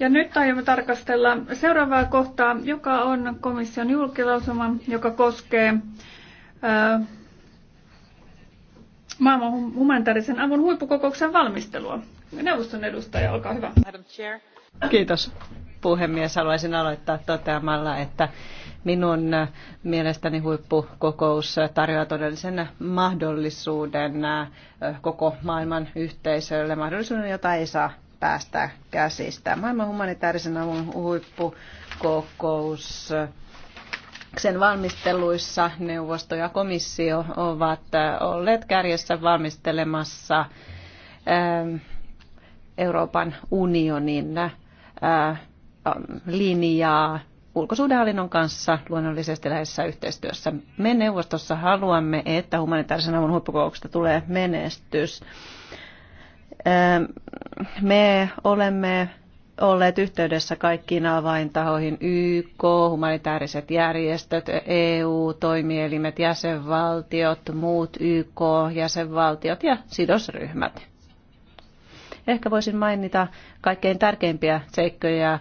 Ja nyt aiomme tarkastella seuraavaa kohtaa, joka on komission julkilausuma, joka koskee ää, maailman humanitaarisen avun huippukokouksen valmistelua. Neuvoston edustaja, olkaa hyvä. Kiitos puhemies. Haluaisin aloittaa toteamalla, että minun mielestäni huippukokous tarjoaa todellisen mahdollisuuden koko maailman yhteisölle, mahdollisuuden, jota ei saa päästä käsistä. Maailman humanitaarisen avun huippukokous sen valmisteluissa neuvosto ja komissio ovat olleet kärjessä valmistelemassa ähm, Euroopan unionin äh, linjaa ulkosuhdehallinnon kanssa luonnollisesti läheisessä yhteistyössä. Me neuvostossa haluamme, että humanitaarisen avun huippukouksesta tulee menestys. Ähm, me olemme olleet yhteydessä kaikkiin avaintahoihin, YK, humanitaariset järjestöt, EU, toimielimet, jäsenvaltiot, muut YK, jäsenvaltiot ja sidosryhmät. Ehkä voisin mainita kaikkein tärkeimpiä seikkoja, äh,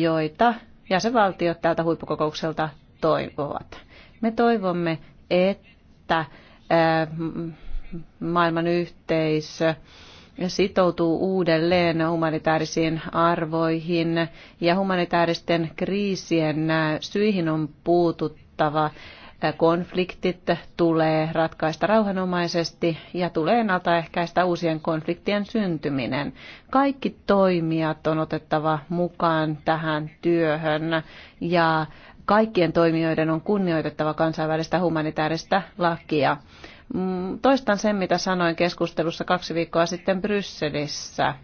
joita jäsenvaltiot tältä huippukokoukselta toivovat. Me toivomme, että äh, maailman yhteisö sitoutuu uudelleen humanitaarisiin arvoihin ja humanitaaristen kriisien syihin on puututtava. Konfliktit tulee ratkaista rauhanomaisesti ja tulee ennaltaehkäistä uusien konfliktien syntyminen. Kaikki toimijat on otettava mukaan tähän työhön ja kaikkien toimijoiden on kunnioitettava kansainvälistä humanitaarista lakia. Mm, toistan sen, mitä sanoin keskustelussa kaksi viikkoa sitten Brysselissä.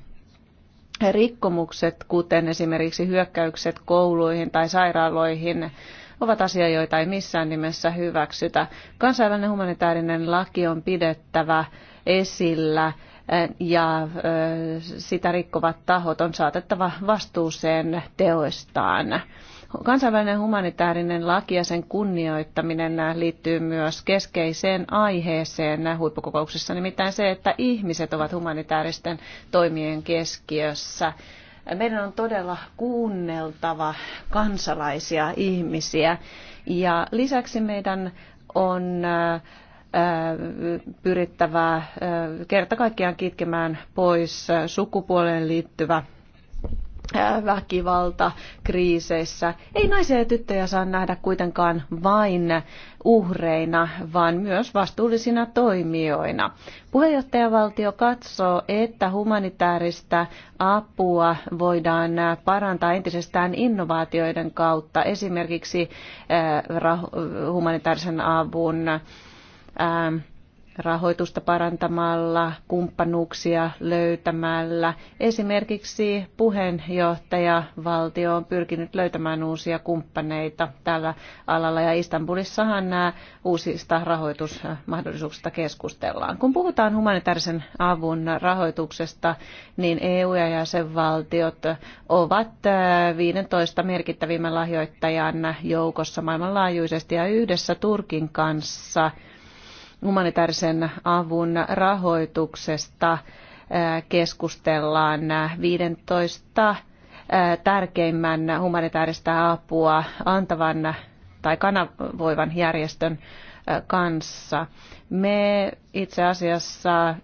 Rikkomukset, kuten esimerkiksi hyökkäykset kouluihin tai sairaaloihin, ovat asia, joita ei missään nimessä hyväksytä. Kansainvälinen humanitaarinen laki on pidettävä esillä eh, ja eh, sitä rikkovat tahot on saatettava vastuuseen teoistaan. Kansainvälinen humanitaarinen laki ja sen kunnioittaminen liittyy myös keskeiseen aiheeseen huippukokouksessa, nimittäin se, että ihmiset ovat humanitaaristen toimien keskiössä. Meidän on todella kuunneltava kansalaisia ihmisiä ja lisäksi meidän on äh, pyrittävää äh, kerta kaikkiaan kitkemään pois sukupuoleen liittyvä väkivalta kriiseissä. Ei naisia ja tyttöjä saa nähdä kuitenkaan vain uhreina, vaan myös vastuullisina toimijoina. Puheenjohtajavaltio katsoo, että humanitaarista apua voidaan parantaa entisestään innovaatioiden kautta, esimerkiksi humanitaarisen avun rahoitusta parantamalla, kumppanuuksia löytämällä. Esimerkiksi puheenjohtaja valtio on pyrkinyt löytämään uusia kumppaneita tällä alalla ja Istanbulissahan nämä uusista rahoitusmahdollisuuksista keskustellaan. Kun puhutaan humanitaarisen avun rahoituksesta, niin EU ja jäsenvaltiot ovat 15 merkittävimmän lahjoittajan joukossa maailmanlaajuisesti ja yhdessä Turkin kanssa – humanitaarisen avun rahoituksesta keskustellaan 15 tärkeimmän humanitaarista apua antavan tai kanavoivan järjestön kanssa. Me itse asiassa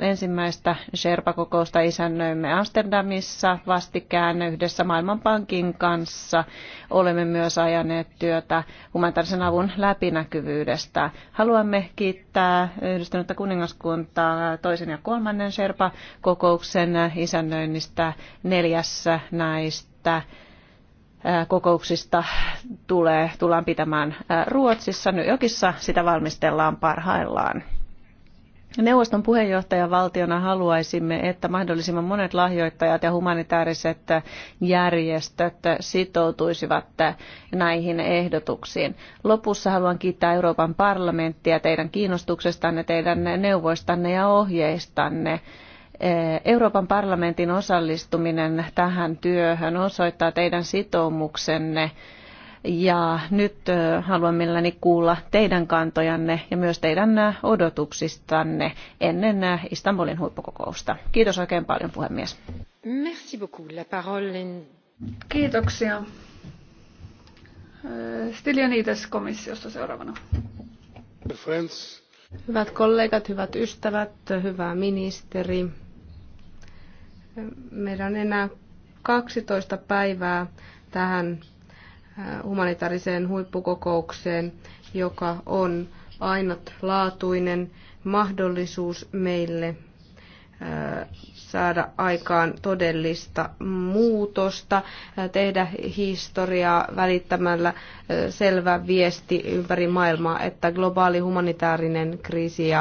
ensimmäistä Sherpa-kokousta isännöimme Amsterdamissa vastikään yhdessä Maailmanpankin kanssa. Olemme myös ajaneet työtä humanitaarisen avun läpinäkyvyydestä. Haluamme kiittää yhdistynyttä kuningaskuntaa toisen ja kolmannen Sherpa-kokouksen isännöinnistä neljässä näistä kokouksista tulee, tullaan pitämään Ruotsissa. New Yorkissa sitä valmistellaan parhaillaan. Neuvoston puheenjohtajavaltiona haluaisimme, että mahdollisimman monet lahjoittajat ja humanitaariset järjestöt sitoutuisivat näihin ehdotuksiin. Lopussa haluan kiittää Euroopan parlamenttia teidän kiinnostuksestanne, teidän neuvoistanne ja ohjeistanne Eh, Euroopan parlamentin osallistuminen tähän työhön osoittaa teidän sitoumuksenne ja nyt eh, haluan mielelläni kuulla teidän kantojanne ja myös teidän eh, odotuksistanne ennen Istanbulin huippukokousta. Kiitos oikein paljon puhemies. Merci beaucoup. La parole... Kiitoksia. Stylianides komissiosta seuraavana. Hyvät kollegat, hyvät ystävät, hyvä ministeri. Meillä on enää 12 päivää tähän äh, humanitaariseen huippukokoukseen, joka on ainutlaatuinen mahdollisuus meille äh, saada aikaan todellista muutosta, äh, tehdä historiaa välittämällä äh, selvä viesti ympäri maailmaa, että globaali humanitaarinen kriisi ja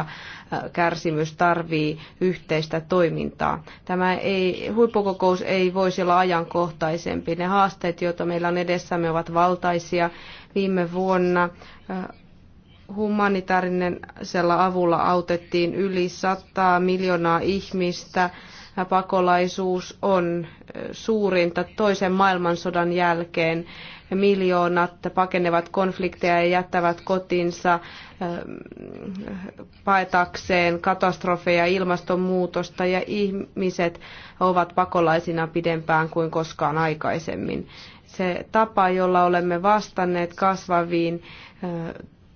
äh, kärsimys tarvii yhteistä toimintaa. Tämä ei, huippukokous ei voisi olla ajankohtaisempi. Ne haasteet, joita meillä on edessämme, ovat valtaisia. Viime vuonna humanitaarisella avulla autettiin yli 100 miljoonaa ihmistä pakolaisuus on suurinta toisen maailmansodan jälkeen. Miljoonat pakenevat konflikteja ja jättävät kotinsa paetakseen katastrofeja, ilmastonmuutosta ja ihmiset ovat pakolaisina pidempään kuin koskaan aikaisemmin. Se tapa, jolla olemme vastanneet kasvaviin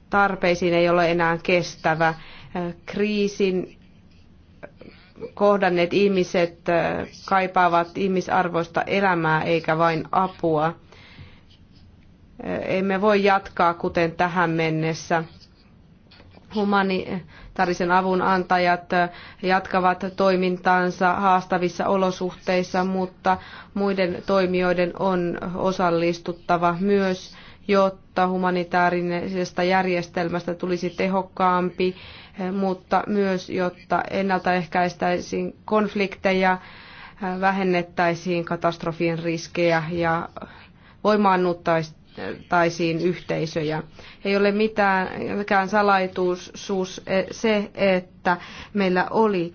tarpeisiin ei ole enää kestävä. Kriisin kohdanneet ihmiset kaipaavat ihmisarvoista elämää eikä vain apua. Emme voi jatkaa kuten tähän mennessä. Humanitaarisen avun antajat jatkavat toimintaansa haastavissa olosuhteissa, mutta muiden toimijoiden on osallistuttava myös jotta humanitaarisesta järjestelmästä tulisi tehokkaampi, eh, mutta myös jotta ennaltaehkäistäisiin konflikteja, eh, vähennettäisiin katastrofien riskejä ja voimaannuttaisiin yhteisöjä. Ei ole mitään salaituus eh, se, että meillä oli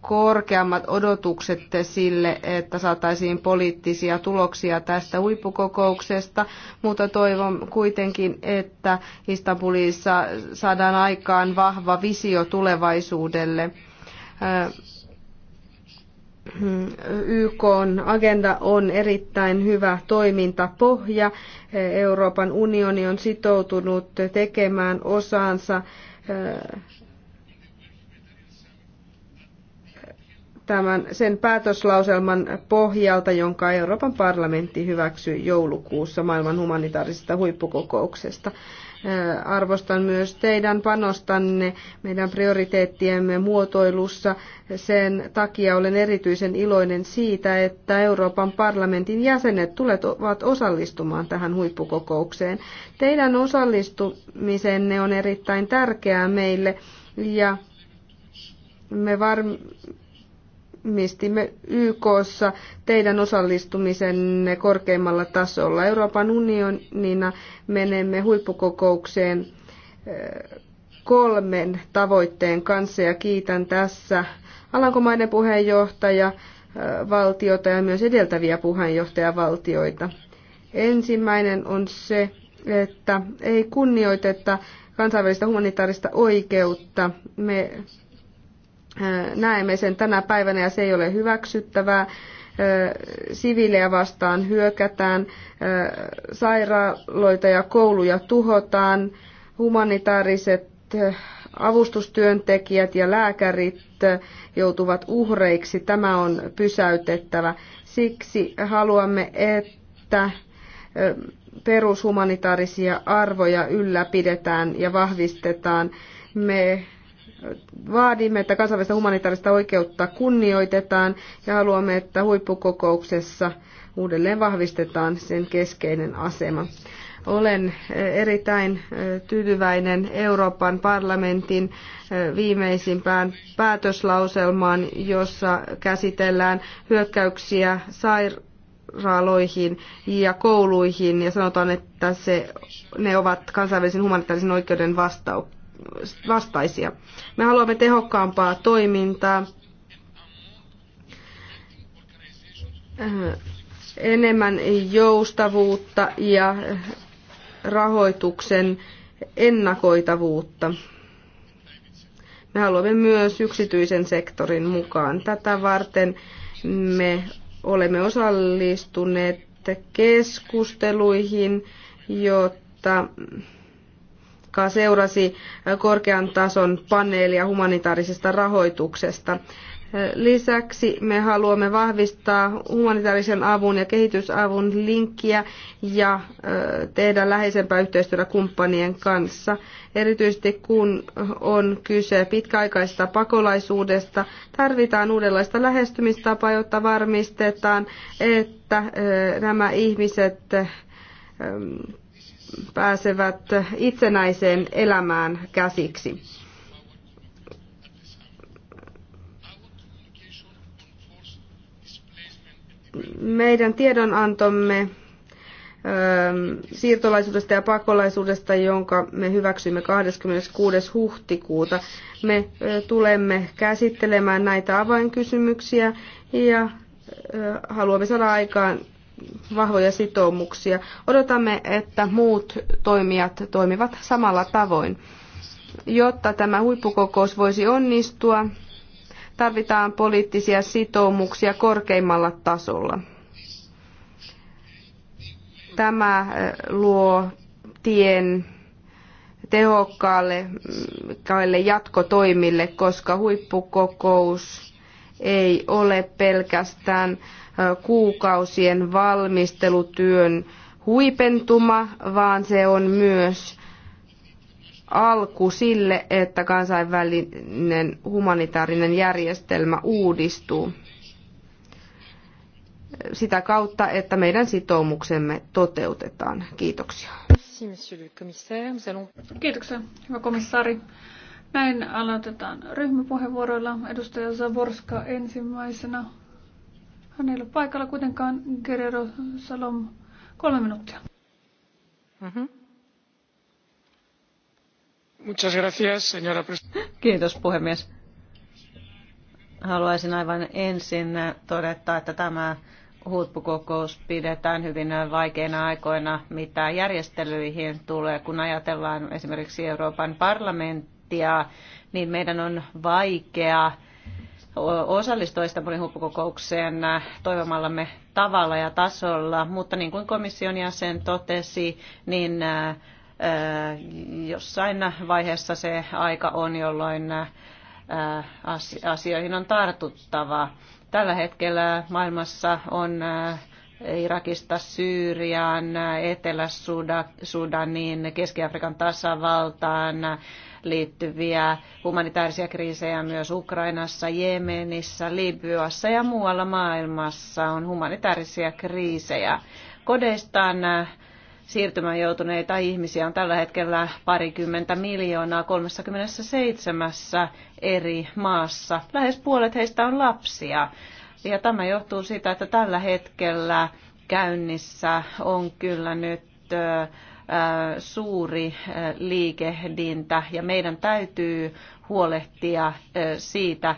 korkeammat odotukset sille, että saataisiin poliittisia tuloksia tästä huippukokouksesta, mutta toivon kuitenkin, että Istanbulissa saadaan aikaan vahva visio tulevaisuudelle. YK agenda on erittäin hyvä toimintapohja. Euroopan unioni on sitoutunut tekemään osaansa tämän, sen päätöslauselman pohjalta, jonka Euroopan parlamentti hyväksyi joulukuussa maailman humanitaarisesta huippukokouksesta. Äh, arvostan myös teidän panostanne meidän prioriteettiemme muotoilussa. Sen takia olen erityisen iloinen siitä, että Euroopan parlamentin jäsenet tulevat osallistumaan tähän huippukokoukseen. Teidän osallistumisenne on erittäin tärkeää meille ja me varmistamme, mistimme YKssa teidän osallistumisenne korkeimmalla tasolla. Euroopan unionina menemme huippukokoukseen eh, kolmen tavoitteen kanssa ja kiitän tässä alankomainen puheenjohtaja eh, valtiota ja myös edeltäviä puheenjohtajavaltioita. Ensimmäinen on se, että ei kunnioiteta kansainvälistä humanitaarista oikeutta. Me Näemme sen tänä päivänä ja se ei ole hyväksyttävää. Siviilejä vastaan hyökätään, sairaaloita ja kouluja tuhotaan, humanitaariset avustustyöntekijät ja lääkärit joutuvat uhreiksi. Tämä on pysäytettävä. Siksi haluamme, että perushumanitaarisia arvoja ylläpidetään ja vahvistetaan. Me vaadimme, että kansainvälistä humanitaarista oikeutta kunnioitetaan ja haluamme, että huippukokouksessa uudelleen vahvistetaan sen keskeinen asema. Olen eh, erittäin eh, tyytyväinen Euroopan parlamentin eh, viimeisimpään päätöslauselmaan, jossa käsitellään hyökkäyksiä sairaaloihin ja kouluihin ja sanotaan, että se, ne ovat kansainvälisen humanitaarisen oikeuden vastaukset vastaisia. Me haluamme tehokkaampaa toimintaa, äh, enemmän joustavuutta ja rahoituksen ennakoitavuutta. Me haluamme myös yksityisen sektorin mukaan. Tätä varten me olemme osallistuneet keskusteluihin, jotta joka seurasi äh, korkean tason paneelia humanitaarisesta rahoituksesta. Äh, lisäksi me haluamme vahvistaa humanitaarisen avun ja kehitysavun linkkiä ja äh, tehdä läheisempää yhteistyötä kumppanien kanssa, erityisesti kun on kyse pitkäaikaista pakolaisuudesta. Tarvitaan uudenlaista lähestymistapaa, jotta varmistetaan, että nämä ihmiset pääsevät itsenäiseen elämään käsiksi. Meidän tiedonantomme ähm, siirtolaisuudesta ja pakolaisuudesta, jonka me hyväksymme 26. huhtikuuta. Me äh, tulemme käsittelemään näitä avainkysymyksiä ja äh, haluamme saada aikaan vahvoja sitoumuksia. Odotamme, että muut toimijat toimivat samalla tavoin. Jotta tämä huippukokous voisi onnistua, tarvitaan poliittisia sitoumuksia korkeimmalla tasolla. Tämä eh, luo tien tehokkaalle jatkotoimille, koska huippukokous ei ole pelkästään kuukausien valmistelutyön huipentuma, vaan se on myös alku sille, että kansainvälinen humanitaarinen järjestelmä uudistuu sitä kautta, että meidän sitoumuksemme toteutetaan. Kiitoksia. Kiitoksia, hyvä komissaari. Näin aloitetaan ryhmäpuheenvuoroilla. Edustaja Zaborska ensimmäisenä. Hän ei ole paikalla kuitenkaan. Guerrero Salom, kolme minuuttia. Mm-hmm. Muchas gracias, señora Kiitos puhemies. Haluaisin aivan ensin todeta, että tämä huippukokous pidetään hyvin vaikeina aikoina, mitä järjestelyihin tulee, kun ajatellaan esimerkiksi Euroopan parlamentti prosenttia, niin meidän on vaikea osallistua Istanbulin huippukokoukseen toivomallamme tavalla ja tasolla, mutta niin kuin komission jäsen totesi, niin äh, äh, jossain vaiheessa se aika on, jolloin äh, asioihin on tartuttava. Tällä hetkellä maailmassa on Irakista Syyriaan, Etelä-Sudaniin, Keski-Afrikan tasavaltaan, liittyviä humanitaarisia kriisejä myös Ukrainassa, Jemenissä, Libyassa ja muualla maailmassa on humanitaarisia kriisejä. Kodeistaan äh, siirtymään joutuneita ihmisiä on tällä hetkellä parikymmentä miljoonaa 37 eri maassa. Lähes puolet heistä on lapsia. Ja tämä johtuu siitä, että tällä hetkellä käynnissä on kyllä nyt äh, suuri liikehdintä ja meidän täytyy huolehtia siitä,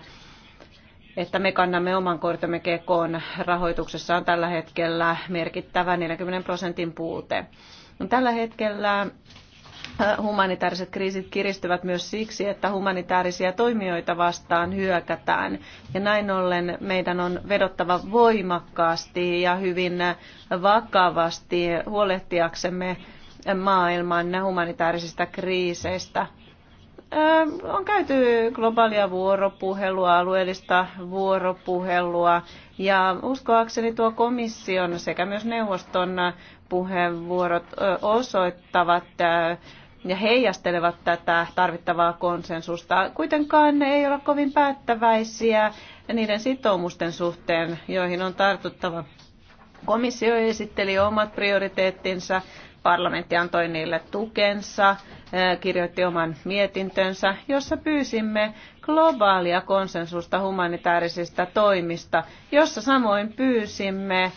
että me kannamme oman kortemme kekoon. Rahoituksessa on tällä hetkellä merkittävä 40 prosentin puute. No, tällä hetkellä humanitaariset kriisit kiristyvät myös siksi, että humanitaarisia toimijoita vastaan hyökätään. Ja näin ollen meidän on vedottava voimakkaasti ja hyvin vakavasti huolehtiaksemme maailman humanitaarisista kriiseistä. On käyty globaalia vuoropuhelua, alueellista vuoropuhelua ja uskoakseni tuo komission sekä myös neuvoston puheenvuorot osoittavat ja heijastelevat tätä tarvittavaa konsensusta. Kuitenkaan ne ei ole kovin päättäväisiä niiden sitoumusten suhteen, joihin on tartuttava. Komissio esitteli omat prioriteettinsa parlamentti antoi niille tukensa, kirjoitti oman mietintönsä, jossa pyysimme globaalia konsensusta humanitaarisista toimista, jossa samoin pyysimme,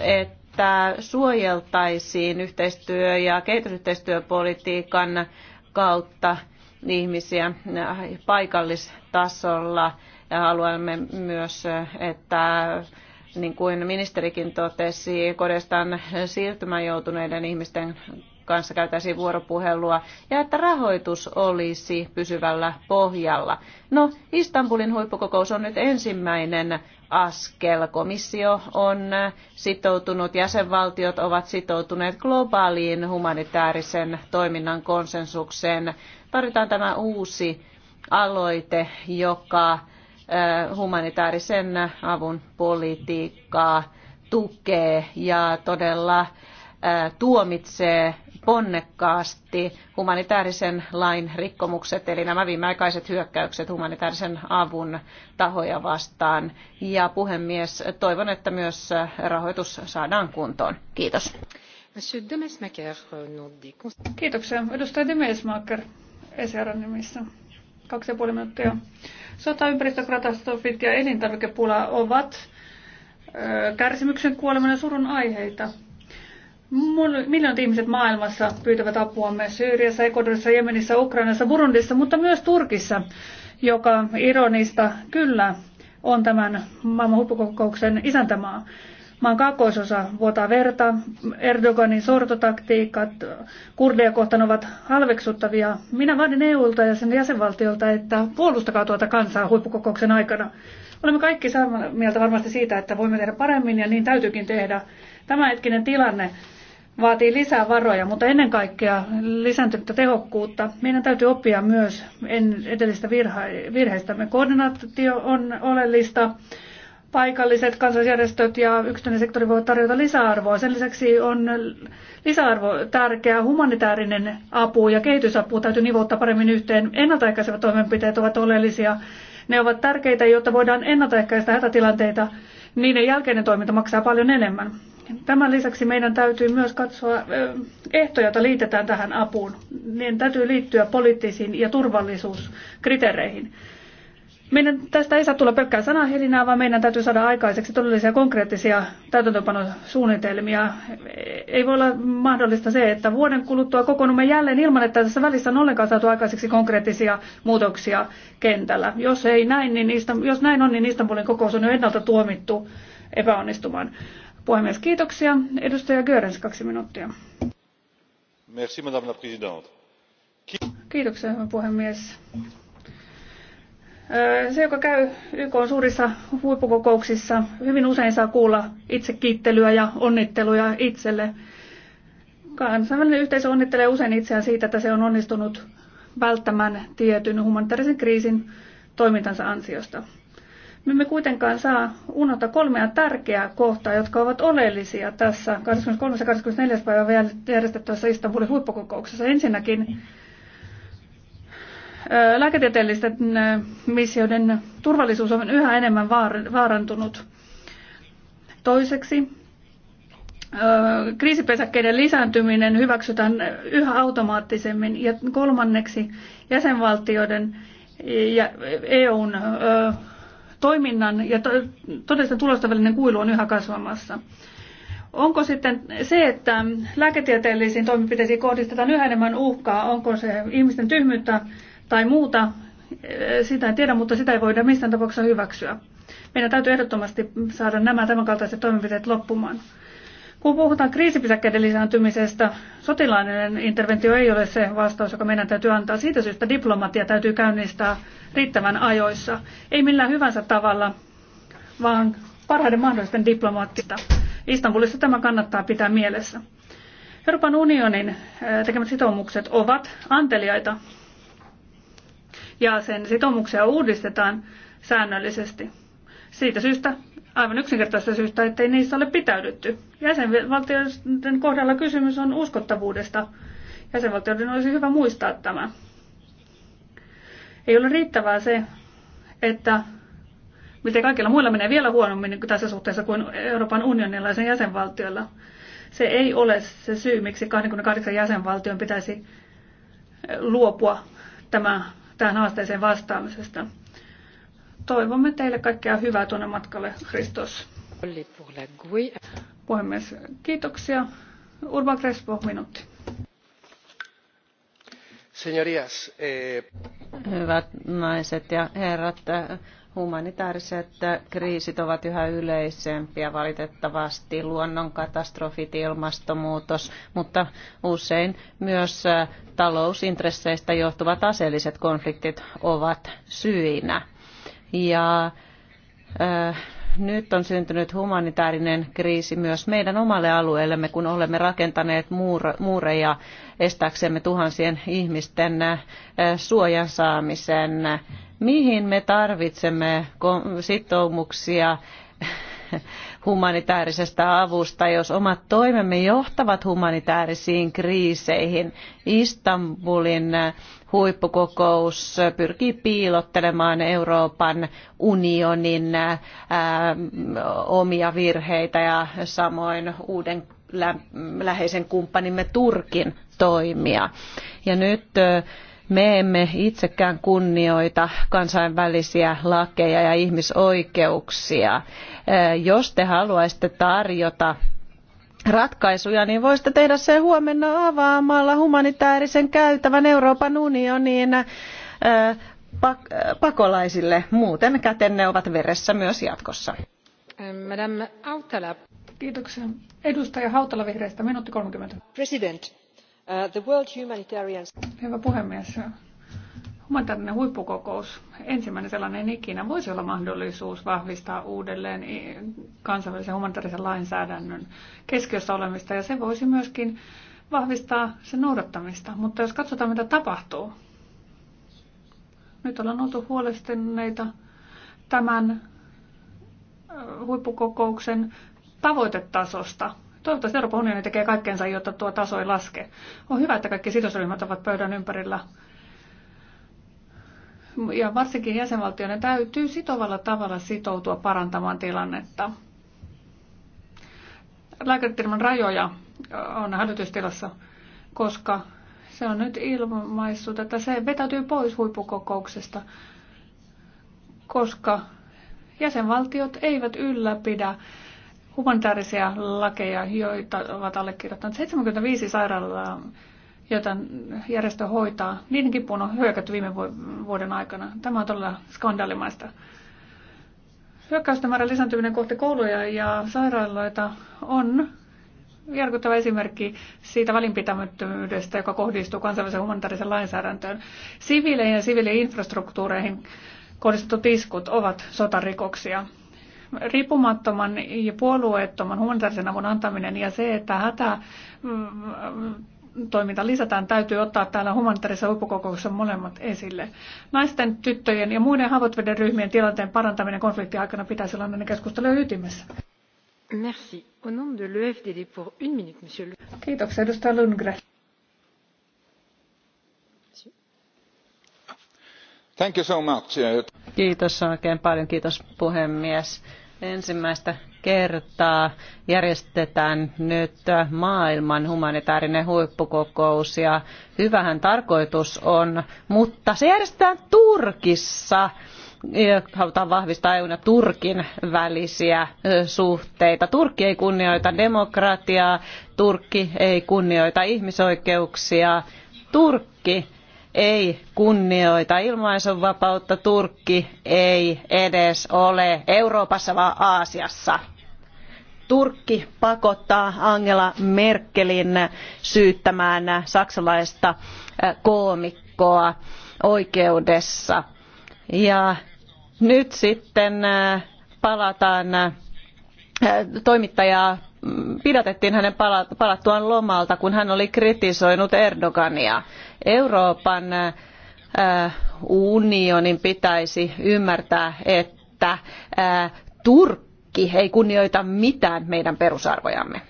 että suojeltaisiin yhteistyö- ja kehitysyhteistyöpolitiikan kautta ihmisiä paikallistasolla. Ja haluamme myös, että niin kuin ministerikin totesi, kodestaan siirtymään joutuneiden ihmisten kanssa käytäisiin vuoropuhelua ja että rahoitus olisi pysyvällä pohjalla. No, Istanbulin huippukokous on nyt ensimmäinen askel. Komissio on sitoutunut, jäsenvaltiot ovat sitoutuneet globaaliin humanitaarisen toiminnan konsensukseen. Tarvitaan tämä uusi aloite, joka humanitaarisen avun politiikkaa tukee ja todella tuomitsee ponnekkaasti humanitaarisen lain rikkomukset, eli nämä viimeaikaiset hyökkäykset humanitaarisen avun tahoja vastaan. Ja puhemies, toivon, että myös rahoitus saadaan kuntoon. Kiitos. Kiitoksia. Edustaja Demesmaker, ECR nimissä. Kaksi ja puoli minuuttia. Sota, ympäristökatastrofit ja elintarvikepula ovat kärsimyksen, kuoleman ja surun aiheita. Miljoonat ihmiset maailmassa pyytävät apua myös Syyriassa, Ecuadorissa, Jemenissä, Ukrainassa, Burundissa, mutta myös Turkissa, joka ironista kyllä on tämän maailman huippukokouksen isäntämaa. Maan kaakkoisosa vuotaa verta, Erdoganin sortotaktiikat kurdeja kohtaan ovat halveksuttavia. Minä vaadin EUlta ja sen jäsenvaltiolta, että puolustakaa tuota kansaa huippukokouksen aikana. Olemme kaikki samaa mieltä varmasti siitä, että voimme tehdä paremmin ja niin täytyykin tehdä. Tämä hetkinen tilanne vaatii lisää varoja, mutta ennen kaikkea lisääntynyttä tehokkuutta. Meidän täytyy oppia myös edellistä virheistämme. Koordinaatio on oleellista paikalliset kansalaisjärjestöt ja yksityinen sektori voivat tarjota lisäarvoa. Sen lisäksi on lisäarvo tärkeää. Humanitaarinen apu ja kehitysapu täytyy nivouttaa paremmin yhteen. Ennaltaehkäisevät toimenpiteet ovat oleellisia. Ne ovat tärkeitä, jotta voidaan ennaltaehkäistä hätätilanteita. Niiden jälkeinen toiminta maksaa paljon enemmän. Tämän lisäksi meidän täytyy myös katsoa ehtoja, joita liitetään tähän apuun. Niiden täytyy liittyä poliittisiin ja turvallisuuskriteereihin. Meidän tästä ei saa tulla pelkkää sanahelinää, vaan meidän täytyy saada aikaiseksi todellisia konkreettisia täytäntöpanosuunnitelmia. Ei voi olla mahdollista se, että vuoden kuluttua kokoonnumme jälleen ilman, että tässä välissä on ollenkaan saatu aikaiseksi konkreettisia muutoksia kentällä. Jos, ei näin, niin niistä, jos näin on, niin Istanbulin kokous on jo ennalta tuomittu epäonnistumaan. Puhemies, kiitoksia. Edustaja Görens, kaksi minuuttia. Merci, madame la présidente. Kiitoksia, puhemies. Se, joka käy YK suurissa huippukokouksissa, hyvin usein saa kuulla itsekiittelyä ja onnitteluja itselle. Kansainvälinen yhteisö onnittelee usein itseään siitä, että se on onnistunut välttämään tietyn humanitaarisen kriisin toimintansa ansiosta. Me emme kuitenkaan saa unohtaa kolmea tärkeää kohtaa, jotka ovat oleellisia tässä 23. ja 24. päivän järjestettävässä Istanbulin huippukokouksessa. Ensinnäkin lääketieteellisten missioiden turvallisuus on yhä enemmän vaarantunut. Toiseksi kriisipesäkkeiden lisääntyminen hyväksytään yhä automaattisemmin ja kolmanneksi jäsenvaltioiden ja EUn toiminnan ja todellisten tulosten välinen kuilu on yhä kasvamassa. Onko sitten se, että lääketieteellisiin toimenpiteisiin kohdistetaan yhä enemmän uhkaa, onko se ihmisten tyhmyyttä tai muuta, sitä en tiedä, mutta sitä ei voida missään tapauksessa hyväksyä. Meidän täytyy ehdottomasti saada nämä tämänkaltaiset toimenpiteet loppumaan. Kun puhutaan kriisipisäkkeiden lisääntymisestä, sotilaallinen interventio ei ole se vastaus, joka meidän täytyy antaa. Siitä syystä diplomatia täytyy käynnistää riittävän ajoissa. Ei millään hyvänsä tavalla, vaan parhaiden mahdollisten diplomaattista. Istanbulissa tämä kannattaa pitää mielessä. Euroopan unionin tekemät sitoumukset ovat anteliaita ja sen sitoumuksia uudistetaan säännöllisesti. Siitä syystä, aivan yksinkertaisesta syystä, ettei niissä ole pitäydytty. Jäsenvaltioiden kohdalla kysymys on uskottavuudesta. Jäsenvaltioiden olisi hyvä muistaa tämä. Ei ole riittävää se, että miten kaikilla muilla menee vielä huonommin tässä suhteessa kuin Euroopan unionilla ja sen jäsenvaltioilla. Se ei ole se syy, miksi 28 jäsenvaltion pitäisi luopua tämä tähän haasteeseen vastaamisesta. Toivomme teille kaikkea hyvää tuonne matkalle, Kristos. Puhemies, kiitoksia. Urba Crespo, minuutti. Señorías, eh... Hyvät naiset ja herrat, Humanitaariset kriisit ovat yhä yleisempiä valitettavasti, luonnonkatastrofit, ilmastonmuutos, mutta usein myös äh, talousintresseistä johtuvat aseelliset konfliktit ovat syinä. Ja äh, nyt on syntynyt humanitaarinen kriisi myös meidän omalle alueellemme, kun olemme rakentaneet muureja estääksemme tuhansien ihmisten äh, suojan saamisen. Mihin me tarvitsemme sitoumuksia humanitaarisesta avusta, jos omat toimemme johtavat humanitaarisiin kriiseihin. Istanbulin huippukokous pyrkii piilottelemaan Euroopan unionin omia virheitä ja samoin uuden läheisen kumppanimme Turkin toimia. Ja nyt me emme itsekään kunnioita kansainvälisiä lakeja ja ihmisoikeuksia. Jos te haluaisitte tarjota ratkaisuja, niin voisitte tehdä sen huomenna avaamalla humanitaarisen käytävän Euroopan unioniin pakolaisille. Muuten kätenne ovat veressä myös jatkossa. Madame Autala. Kiitoksia. Edustaja Hautala vihreistä, minuutti 30. President. Uh, arvoisa puhemies. Humanitaarinen huippukokous, ensimmäinen sellainen ikinä, voisi olla mahdollisuus vahvistaa uudelleen kansainvälisen humanitaarisen lainsäädännön keskiössä olemista ja se voisi myöskin vahvistaa sen noudattamista. Mutta jos katsotaan, mitä tapahtuu, nyt ollaan oltu huolestuneita tämän huippukokouksen tavoitetasosta. Toivottavasti Euroopan unioni tekee kaikkensa, jotta tuo taso ei laske. On hyvä, että kaikki sidosryhmät ovat pöydän ympärillä. Ja varsinkin jäsenvaltioiden täytyy sitovalla tavalla sitoutua parantamaan tilannetta. Lääkäritilman rajoja on hälytystilassa, koska se on nyt ilmaissut, että se vetäytyy pois huippukokouksesta, koska jäsenvaltiot eivät ylläpidä humanitaarisia lakeja, joita ovat allekirjoittaneet 75 sairaalaa, joita järjestö hoitaa. Niiden kipuun on hyökätty viime vuoden aikana. Tämä on todella skandaalimaista. Hyökkäysten määrän lisääntyminen kohti kouluja ja sairaaloita on järkyttävä esimerkki siitä välinpitämättömyydestä, joka kohdistuu kansainvälisen humanitaarisen lainsäädäntöön. Siviileihin ja siviiliinfrastruktuureihin kohdistut iskut ovat sotarikoksia riippumattoman ja puolueettoman humanitaarisen avun antaminen ja se, että hätä mm, mm, toiminta lisätään, täytyy ottaa täällä humanitaarisessa huippukokouksessa molemmat esille. Naisten, tyttöjen ja muiden haavoittuvien ryhmien tilanteen parantaminen konfliktin aikana pitäisi olla näiden keskustelujen ytimessä. Merci. Au nom de l'EFDD pour une minute, monsieur. Kiitoksia, edustaja Lundgren. Kiitos oikein paljon, kiitos puhemies. Ensimmäistä kertaa järjestetään nyt maailman humanitaarinen huippukokous ja hyvähän tarkoitus on, mutta se järjestetään Turkissa halutaan vahvistaa EUn ja Turkin välisiä suhteita. Turkki ei kunnioita demokratiaa, Turkki ei kunnioita ihmisoikeuksia. Turkki ei kunnioita ilmaisunvapautta. Turkki ei edes ole Euroopassa vaan Aasiassa. Turkki pakottaa Angela Merkelin syyttämään saksalaista äh, koomikkoa oikeudessa. Ja nyt sitten äh, palataan äh, toimittajaa pidätettiin hänen palattuaan lomalta, kun hän oli kritisoinut Erdogania. Euroopan äh, unionin pitäisi ymmärtää, että äh, Turkki ei kunnioita mitään meidän perusarvojamme.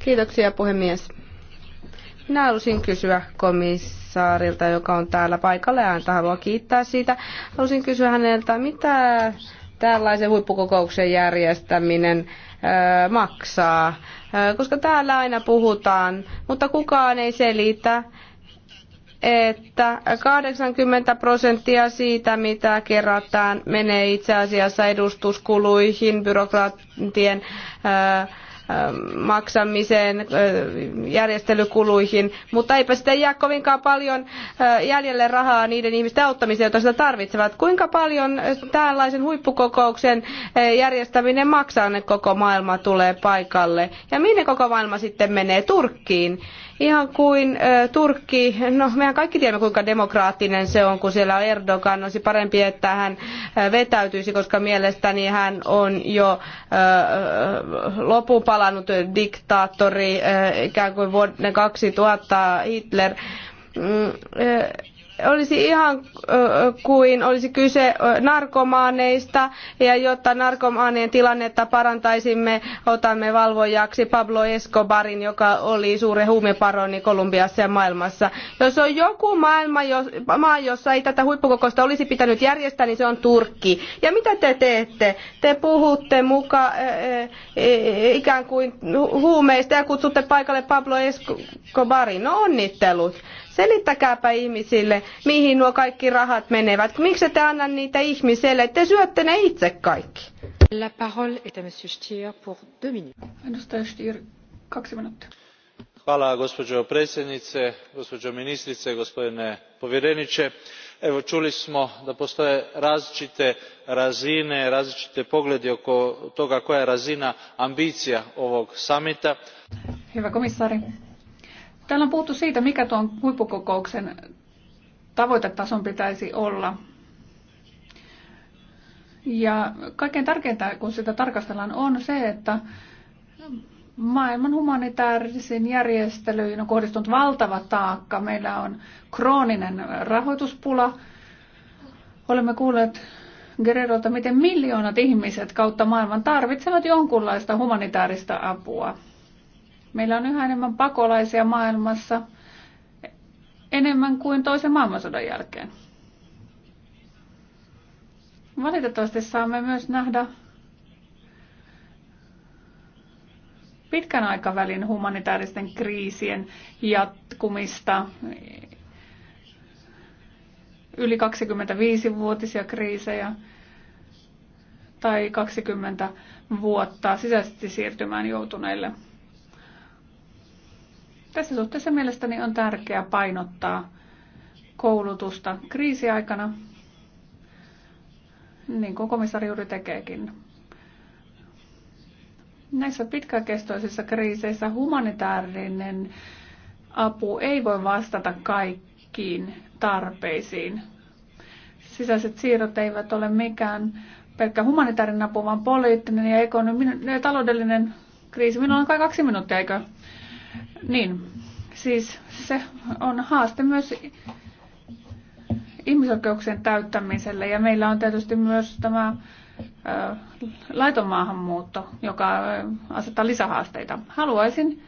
Kiitoksia puhemies minä halusin kysyä komissaarilta, joka on täällä paikalla ja häntä haluaa kiittää siitä. Halusin kysyä häneltä, mitä tällaisen huippukokouksen järjestäminen maksaa, koska täällä aina puhutaan, mutta kukaan ei selitä, että 80 prosenttia siitä, mitä kerätään, menee itse asiassa edustuskuluihin, byrokraattien maksamiseen, järjestelykuluihin, mutta eipä sitä jää kovinkaan paljon jäljelle rahaa niiden ihmisten auttamiseen, jotka sitä tarvitsevat. Kuinka paljon tällaisen huippukokouksen järjestäminen maksaa, että koko maailma tulee paikalle? Ja minne koko maailma sitten menee? Turkkiin? Ihan kuin Turkki, no mehän kaikki tiedämme kuinka demokraattinen se on, kun siellä on Erdogan, olisi parempi, että hän vetäytyisi, koska mielestäni hän on jo lopun palannut diktaattori, ikään kuin vuoden 2000 Hitler mm, olisi ihan kuin olisi kyse narkomaaneista ja jotta narkomaanien tilannetta parantaisimme, otamme valvojaksi Pablo Escobarin, joka oli suuri huumeparoni Kolumbiassa ja maailmassa. Jos on joku maailma, jos, maa, jossa ei tätä huippukokousta olisi pitänyt järjestää, niin se on Turkki. Ja mitä te teette? Te puhutte muka ikään kuin huumeista ja kutsutte paikalle Pablo Escobarin. No onnittelut. Selittäkääpä ihmisille, mihin nuo kaikki rahat menevät. Miksi te anna niitä ihmiselle? Te syötte ne itse kaikki. La parole est à monsieur Stier pour deux minutes. Edustaja Stier, kaksi minuuttia. Hvala gospođo predsjednice, gospođo ministrice, gospodine povjereniče. Evo čuli smo da postoje različite razine, različite pogledi oko toga koja je razina ambicija ovog samita. Hyvä komissaari, Täällä on puhuttu siitä, mikä tuon huippukokouksen tavoitetason pitäisi olla. Ja kaikkein tärkeintä, kun sitä tarkastellaan, on se, että maailman humanitaarisiin järjestelyihin on kohdistunut valtava taakka. Meillä on krooninen rahoituspula. Olemme kuulleet Gererolta, miten miljoonat ihmiset kautta maailman tarvitsevat jonkunlaista humanitaarista apua. Meillä on yhä enemmän pakolaisia maailmassa, enemmän kuin toisen maailmansodan jälkeen. Valitettavasti saamme myös nähdä pitkän aikavälin humanitaaristen kriisien jatkumista, yli 25-vuotisia kriisejä tai 20 vuotta sisäisesti siirtymään joutuneille. Tässä suhteessa mielestäni on tärkeää painottaa koulutusta kriisiaikana, niin kuin komissari juuri tekeekin. Näissä pitkäkestoisissa kriiseissä humanitaarinen apu ei voi vastata kaikkiin tarpeisiin. Sisäiset siirrot eivät ole mikään pelkkä humanitaarinen apu, vaan poliittinen ja ekonominen ja taloudellinen kriisi. Minulla on kai kaksi minuuttia, eikö? Niin, siis se on haaste myös ihmisoikeuksien täyttämiselle ja meillä on tietysti myös tämä laiton maahanmuutto, joka asettaa lisähaasteita. Haluaisin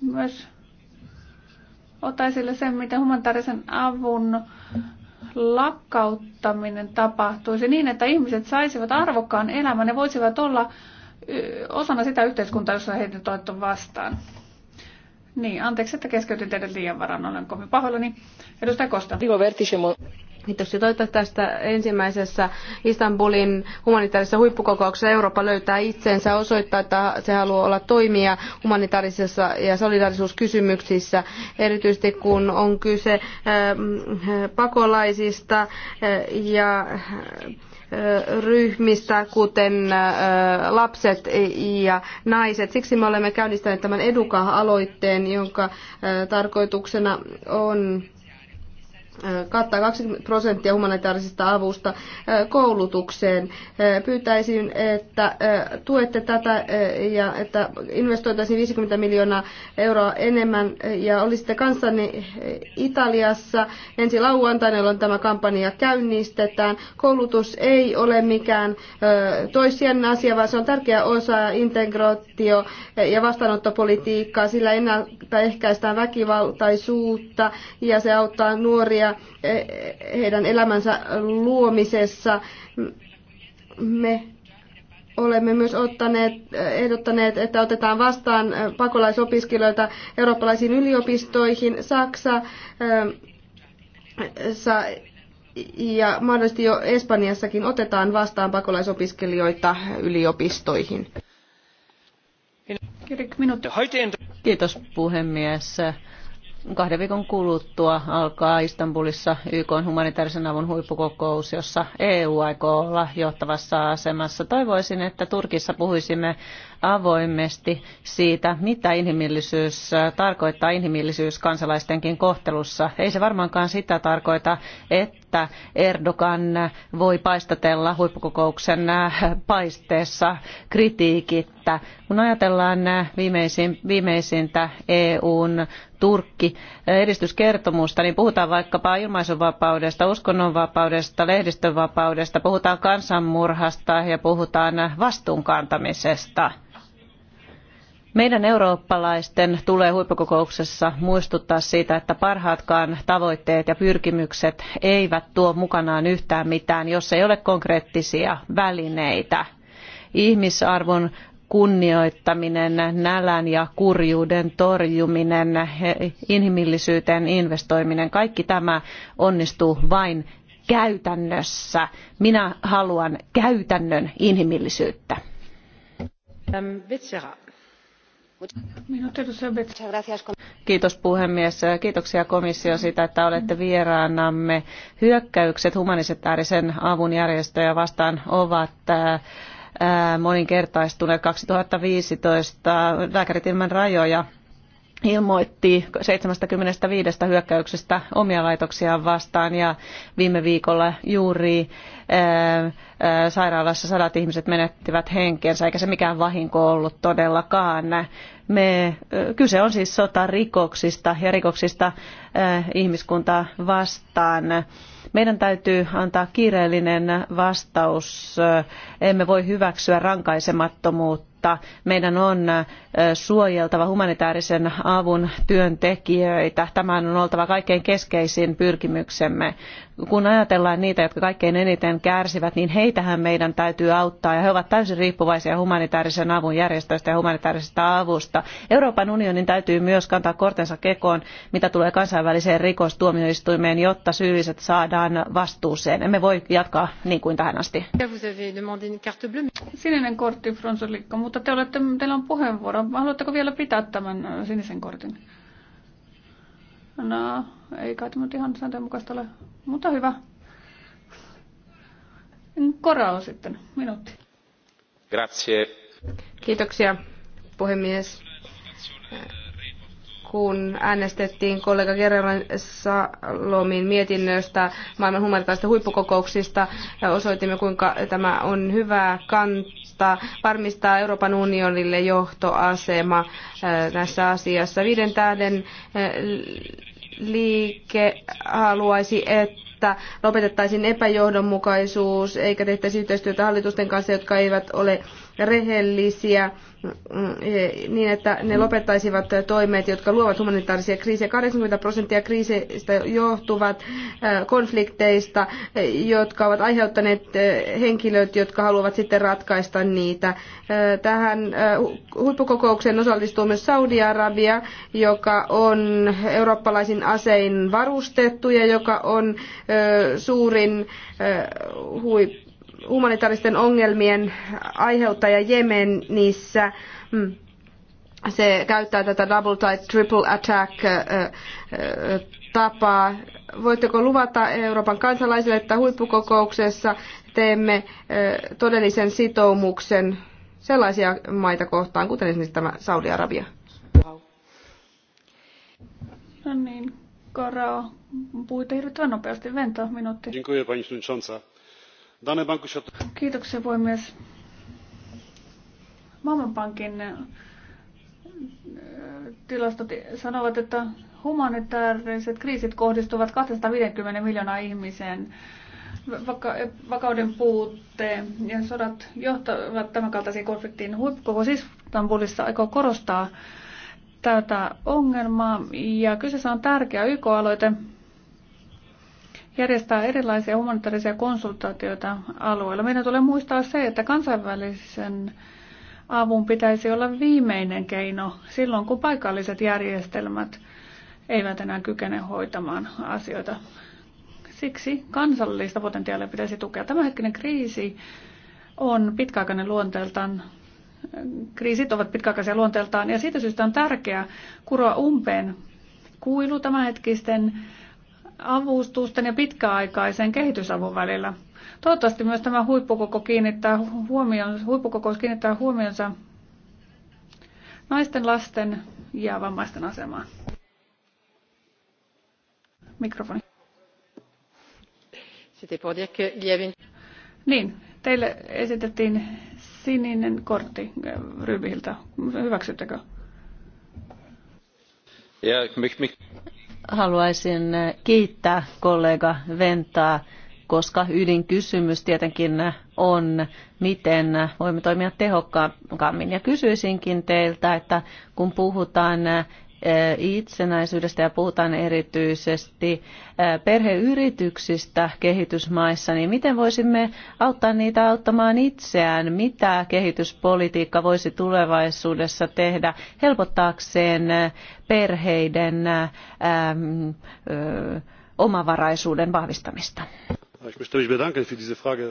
myös ottaa esille sen, miten humanitaarisen avun lakkauttaminen tapahtuisi niin, että ihmiset saisivat arvokkaan elämän ja voisivat olla osana sitä yhteiskuntaa, jossa heitä otettu vastaan. Niin, anteeksi, että keskeytin teidän liian varan, olen kovin pahoillani. Edustaja Kosta. Kiitos. Ja toivottavasti tästä ensimmäisessä Istanbulin humanitaarisessa huippukokouksessa Eurooppa löytää itsensä osoittaa, että se haluaa olla toimija humanitaarisessa ja solidaarisuuskysymyksissä, erityisesti kun on kyse ähm, äh, pakolaisista äh, ja ryhmistä, kuten lapset ja naiset. Siksi me olemme käynnistäneet tämän Eduka-aloitteen, jonka tarkoituksena on kattaa 20 prosenttia humanitaarisesta avusta koulutukseen. Pyytäisin, että tuette tätä ja että investoitaisiin 50 miljoonaa euroa enemmän ja olisitte kanssani Italiassa. Ensi lauantaina, jolloin tämä kampanja käynnistetään. Koulutus ei ole mikään toissijainen asia, vaan se on tärkeä osa integraatio- ja vastaanottopolitiikkaa. Sillä ennaltaehkäistään väkivaltaisuutta ja se auttaa nuoria E, heidän elämänsä luomisessa. Me olemme myös ottaneet, e, ehdottaneet, että otetaan vastaan e, pakolaisopiskelijoita eurooppalaisiin yliopistoihin. Saksa ja mahdollisesti jo Espanjassakin otetaan vastaan pakolaisopiskelijoita yliopistoihin. Kiitos puhemies kahden viikon kuluttua alkaa Istanbulissa YK humanitaarisen avun huippukokous, jossa EU aikoo olla johtavassa asemassa. Toivoisin, että Turkissa puhuisimme avoimesti siitä, mitä inhimillisyys tarkoittaa inhimillisyys kansalaistenkin kohtelussa. Ei se varmaankaan sitä tarkoita, että Erdogan voi paistatella huippukokouksen paisteessa kritiikittä kun ajatellaan viimeisin, viimeisintä EUn Turkki edistyskertomusta, niin puhutaan vaikkapa ilmaisunvapaudesta, uskonnonvapaudesta, lehdistönvapaudesta, puhutaan kansanmurhasta ja puhutaan vastuunkantamisesta. Meidän eurooppalaisten tulee huippukokouksessa muistuttaa siitä, että parhaatkaan tavoitteet ja pyrkimykset eivät tuo mukanaan yhtään mitään, jos ei ole konkreettisia välineitä ihmisarvon kunnioittaminen, nälän ja kurjuuden torjuminen, inhimillisyyteen investoiminen, kaikki tämä onnistuu vain käytännössä. Minä haluan käytännön inhimillisyyttä. Ähm, Kiitos puhemies. Kiitoksia komissio siitä, että olette vieraanamme. Hyökkäykset humanitaarisen avun järjestöjä vastaan ovat äh, moninkertaistuneet. 2015 Lääkärit ilman rajoja ilmoitti 75 hyökkäyksestä omia laitoksiaan vastaan ja viime viikolla juuri ää, sairaalassa sadat ihmiset menettivät henkensä eikä se mikään vahinko ollut todellakaan. Me, kyse on siis sotarikoksista ja rikoksista ää, ihmiskuntaa vastaan. Meidän täytyy antaa kiireellinen vastaus. Emme voi hyväksyä rankaisemattomuutta mutta meidän on suojeltava humanitaarisen avun työntekijöitä. Tämän on oltava kaikkein keskeisin pyrkimyksemme. Kun ajatellaan niitä, jotka kaikkein eniten kärsivät, niin heitähän meidän täytyy auttaa ja he ovat täysin riippuvaisia humanitaarisen avun järjestöistä ja humanitaarisesta avusta. Euroopan unionin täytyy myös kantaa kortensa kekoon, mitä tulee kansainväliseen rikostuomioistuimeen, jotta syylliset saadaan vastuuseen. Emme voi jatkaa niin kuin tähän asti. Sininen kortti, fronsolikko mutta te olette, teillä on puheenvuoro. Haluatteko vielä pitää tämän sinisen kortin? No, ei kai tämä ihan sääntöjen mukaista ole, mutta hyvä. Korao sitten, minuutti. Grazie. Kiitoksia, puhemies. Kun äänestettiin kollega Kerran Salomin mietinnöstä maailman humanitaista huippukokouksista, osoitimme kuinka tämä on hyvää kantaa varmistaa, varmistaa Euroopan unionille johtoasema tässä asiassa. Viiden tähden liike haluaisi, että että lopetettaisiin epäjohdonmukaisuus eikä tehtäisi yhteistyötä hallitusten kanssa, jotka eivät ole rehellisiä Mm, mm, niin, että ne lopettaisivat toimet, jotka luovat humanitaarisia kriisejä. 80 prosenttia kriiseistä johtuvat konflikteista, jotka ovat aiheuttaneet henkilöt, jotka haluavat sitten ratkaista niitä. Tähän huippukokoukseen osallistuu myös Saudi-Arabia, joka on eurooppalaisin asein varustettu ja joka on suurin huippu humanitaaristen ongelmien aiheuttaja Jemenissä. Mm. Se käyttää tätä double tai triple attack tapaa. Voitteko luvata Euroopan kansalaisille, että huippukokouksessa teemme todellisen sitoumuksen sellaisia maita kohtaan, kuten esimerkiksi tämä Saudi-Arabia? No niin, Korao, puhuit nopeasti, Vento, minuutti. Kiitos, pani przewodnicząca Kiitoksia puhemies. Maailmanpankin äh, tilastot sanovat, että humanitaariset kriisit kohdistuvat 250 miljoonaa ihmiseen. vakauden puute ja sodat johtavat tämänkaltaisiin konfliktiin. Huippukokous Istanbulissa aikoo korostaa tätä ongelmaa ja kyseessä on tärkeä YK-aloite, järjestää erilaisia humanitaarisia konsultaatioita alueella. Meidän tulee muistaa se, että kansainvälisen avun pitäisi olla viimeinen keino silloin, kun paikalliset järjestelmät eivät enää kykene hoitamaan asioita. Siksi kansallista potentiaalia pitäisi tukea. Tämänhetkinen kriisi on pitkäaikainen luonteeltaan kriisit ovat pitkäaikaisia luonteeltaan ja siitä syystä on tärkeää kuroa umpeen kuilu tämänhetkisten avustusten ja pitkäaikaisen kehitysavun välillä. Toivottavasti myös tämä huippukoko kiinnittää huomion, huippukokous kiinnittää huomionsa naisten, lasten ja vammaisten asemaan. Mikrofoni. Niin, teille esitettiin sininen kortti äh, rybiltä. Hyväksyttekö? haluaisin äh, kiittää kollega Ventaa, koska ydinkysymys tietenkin äh, on, miten äh, voimme toimia tehokkaammin. Ja kysyisinkin teiltä, että kun puhutaan Eh, itsenäisyydestä ja puhutaan erityisesti eh, perheyrityksistä kehitysmaissa, niin miten voisimme auttaa niitä auttamaan itseään? Mitä kehityspolitiikka voisi tulevaisuudessa tehdä helpottaakseen eh, perheiden omavaraisuuden vahvistamista? Äh,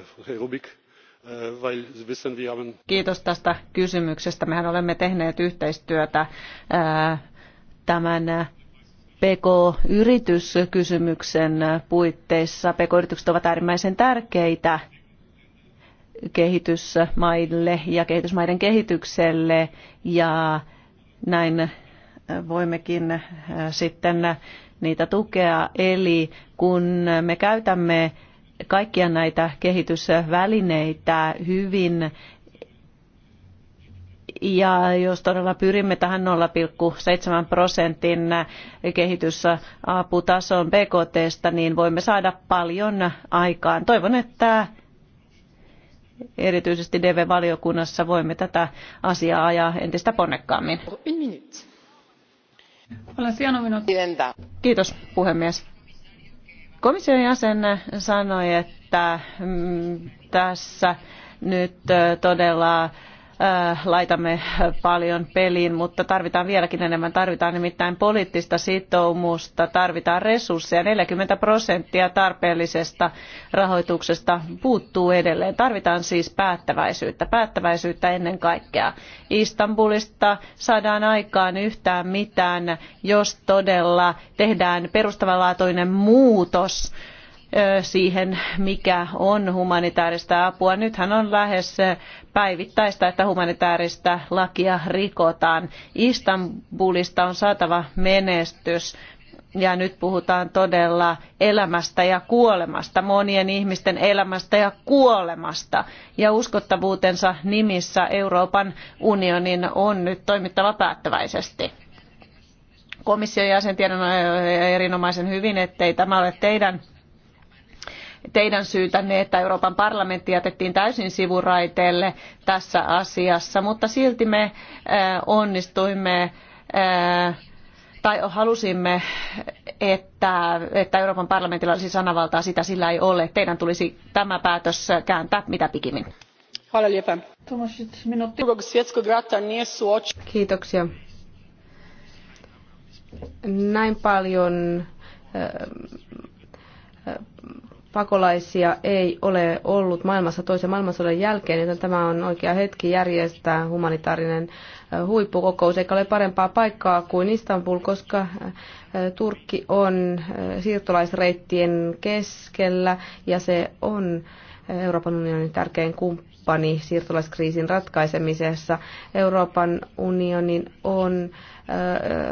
Kiitos tästä kysymyksestä. Mehän olemme tehneet yhteistyötä äh, tämän PK-yrityskysymyksen puitteissa. PK-yritykset ovat äärimmäisen tärkeitä kehitysmaille ja kehitysmaiden kehitykselle ja näin voimmekin äh, sitten niitä tukea. Eli kun me käytämme kaikkia näitä kehitysvälineitä hyvin ja jos todella pyrimme tähän 0,7 prosentin kehitysaputason BKTstä, niin voimme saada paljon aikaan. Toivon, että erityisesti DV-valiokunnassa voimme tätä asiaa ajaa entistä ponnekkaammin. Kiitos puhemies. Komission jäsen sanoi, että mm, tässä nyt todella Äh, laitamme paljon peliin, mutta tarvitaan vieläkin enemmän. Tarvitaan nimittäin poliittista sitoumusta, tarvitaan resursseja. 40 prosenttia tarpeellisesta rahoituksesta puuttuu edelleen. Tarvitaan siis päättäväisyyttä, päättäväisyyttä ennen kaikkea. Istanbulista saadaan aikaan yhtään mitään, jos todella tehdään perustavanlaatuinen muutos siihen, mikä on humanitaarista apua. Nythän on lähes päivittäistä, että humanitaarista lakia rikotaan. Istanbulista on saatava menestys. Ja nyt puhutaan todella elämästä ja kuolemasta, monien ihmisten elämästä ja kuolemasta. Ja uskottavuutensa nimissä Euroopan unionin on nyt toimittava päättäväisesti komission jäsen tiedän erinomaisen hyvin, ettei tämä ole teidän teidän syytänne, että Euroopan parlamentti jätettiin täysin sivuraiteelle tässä asiassa, mutta silti me äh, onnistuimme äh, tai halusimme, että, että Euroopan parlamentilla olisi sanavaltaa, sitä sillä ei ole. Teidän tulisi tämä päätös kääntää mitä pikimmin. Kiitoksia. Näin paljon äh, pakolaisia ei ole ollut maailmassa toisen maailmansodan jälkeen, joten tämä on oikea hetki järjestää humanitaarinen huippukokous, eikä ole parempaa paikkaa kuin Istanbul, koska Turkki on siirtolaisreittien keskellä ja se on Euroopan unionin tärkein kumppani siirtolaiskriisin ratkaisemisessa. Euroopan unionin on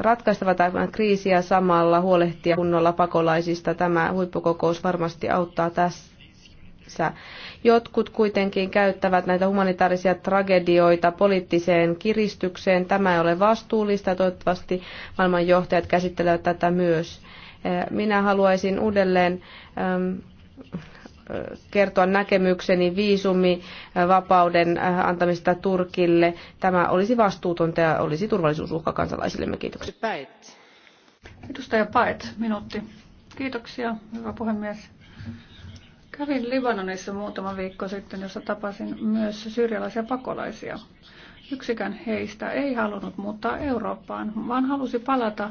ratkaistava tämä kriisi ja samalla huolehtia kunnolla pakolaisista. Tämä huippukokous varmasti auttaa tässä. Jotkut kuitenkin käyttävät näitä humanitaarisia tragedioita poliittiseen kiristykseen. Tämä ei ole vastuullista. Toivottavasti maailmanjohtajat käsittelevät tätä myös. Minä haluaisin uudelleen kertoa näkemykseni viisumivapauden äh, antamista Turkille. Tämä olisi vastuutonta ja olisi turvallisuusuhka kansalaisillemme. Kiitoksia. Päät. Edustaja Paet, minuutti. Kiitoksia, hyvä puhemies. Kävin Libanonissa muutama viikko sitten, jossa tapasin myös syyrialaisia pakolaisia. Yksikään heistä ei halunnut muuttaa Eurooppaan, vaan halusi palata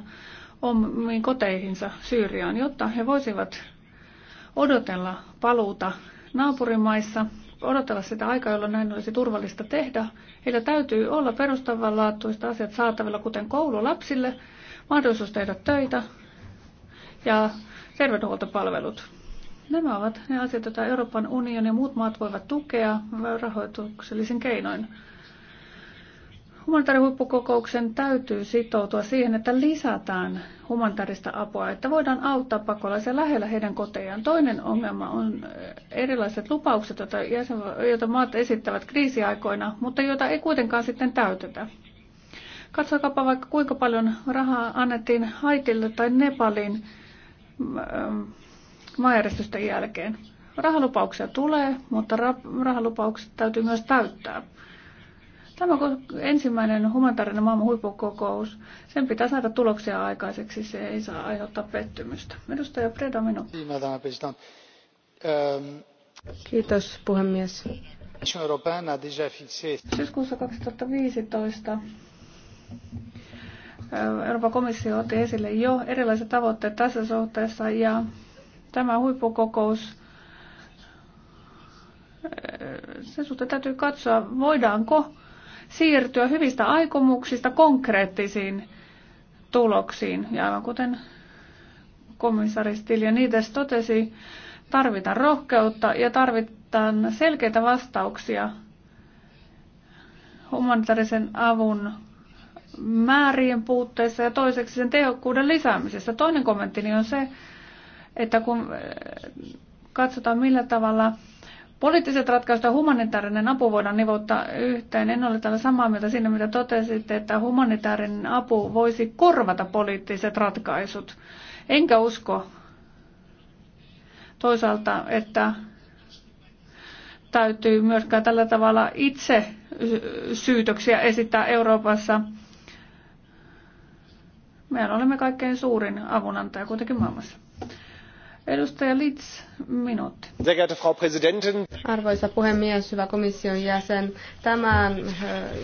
omiin koteihinsa Syyriaan, jotta he voisivat odotella paluuta naapurimaissa, odotella sitä aikaa, jolloin näin olisi turvallista tehdä. Heillä täytyy olla perustavanlaatuista asiat saatavilla, kuten koulu lapsille, mahdollisuus tehdä töitä ja terveydenhuoltopalvelut. Nämä ovat ne asiat, joita Euroopan unioni ja muut maat voivat tukea rahoituksellisen keinoin. Humanitaarihuippukokouksen täytyy sitoutua siihen, että lisätään humanitaarista apua, että voidaan auttaa pakolaisia lähellä heidän kotejaan. Toinen ongelma on eh, erilaiset lupaukset, joita, jäsen, joita maat esittävät kriisiaikoina, mutta joita ei kuitenkaan sitten täytetä. Katsokaapa vaikka kuinka paljon rahaa annettiin Haitille tai Nepalin mm, eh, maajärjestysten jälkeen. Rahalupauksia tulee, mutta rahalupaukset täytyy myös täyttää. Tämä ensimmäinen humanitaarinen maailman huippukokous, sen pitää saada tuloksia aikaiseksi, se ei saa aiheuttaa pettymystä. Edustaja Preda, minuutti. Kiitos puhemies. Syyskuussa 2015 Euroopan komissio otti esille jo erilaiset tavoitteet tässä suhteessa ja tämä huippukokous sen suhteen täytyy katsoa, voidaanko siirtyä hyvistä aikomuksista konkreettisiin tuloksiin. Ja aivan kuten komissari Stiljanides totesi, tarvitaan rohkeutta ja tarvitaan selkeitä vastauksia humanitaarisen avun määrien puutteessa ja toiseksi sen tehokkuuden lisäämisessä. Toinen kommenttini on se, että kun katsotaan millä tavalla Poliittiset ratkaisut ja humanitaarinen apu voidaan nivouttaa yhteen. En ole täällä samaa mieltä siinä, mitä totesitte, että humanitaarinen apu voisi korvata poliittiset ratkaisut. Enkä usko toisaalta, että täytyy myöskään tällä tavalla itse syytöksiä esittää Euroopassa. Mehän olemme kaikkein suurin avunantaja kuitenkin maailmassa. Edustaja Litz, minuutti. Arvoisa puhemies, hyvä komission jäsen. Tämän äh,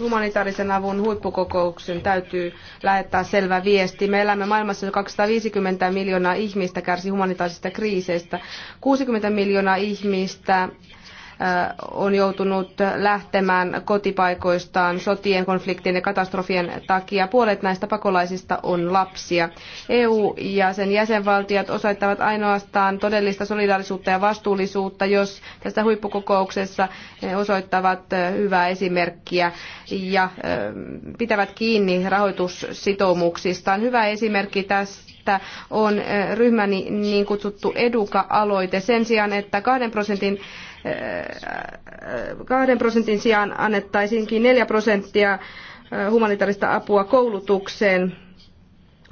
humanitaarisen avun huippukokouksen täytyy lähettää selvä viesti. Me elämme maailmassa, jossa 250 miljoonaa ihmistä kärsi humanitaarisista kriiseistä. 60 miljoonaa ihmistä on joutunut lähtemään kotipaikoistaan sotien, konfliktien ja katastrofien takia. Puolet näistä pakolaisista on lapsia. EU ja sen jäsenvaltiot osoittavat ainoastaan todellista solidaarisuutta ja vastuullisuutta, jos tässä huippukokouksessa ne osoittavat hyvää esimerkkiä ja pitävät kiinni rahoitussitoumuksistaan. Hyvä esimerkki tästä on ryhmäni niin kutsuttu eduka-aloite. Sen sijaan, että kahden prosentin kahden prosentin sijaan annettaisiinkin neljä prosenttia humanitaarista apua koulutukseen.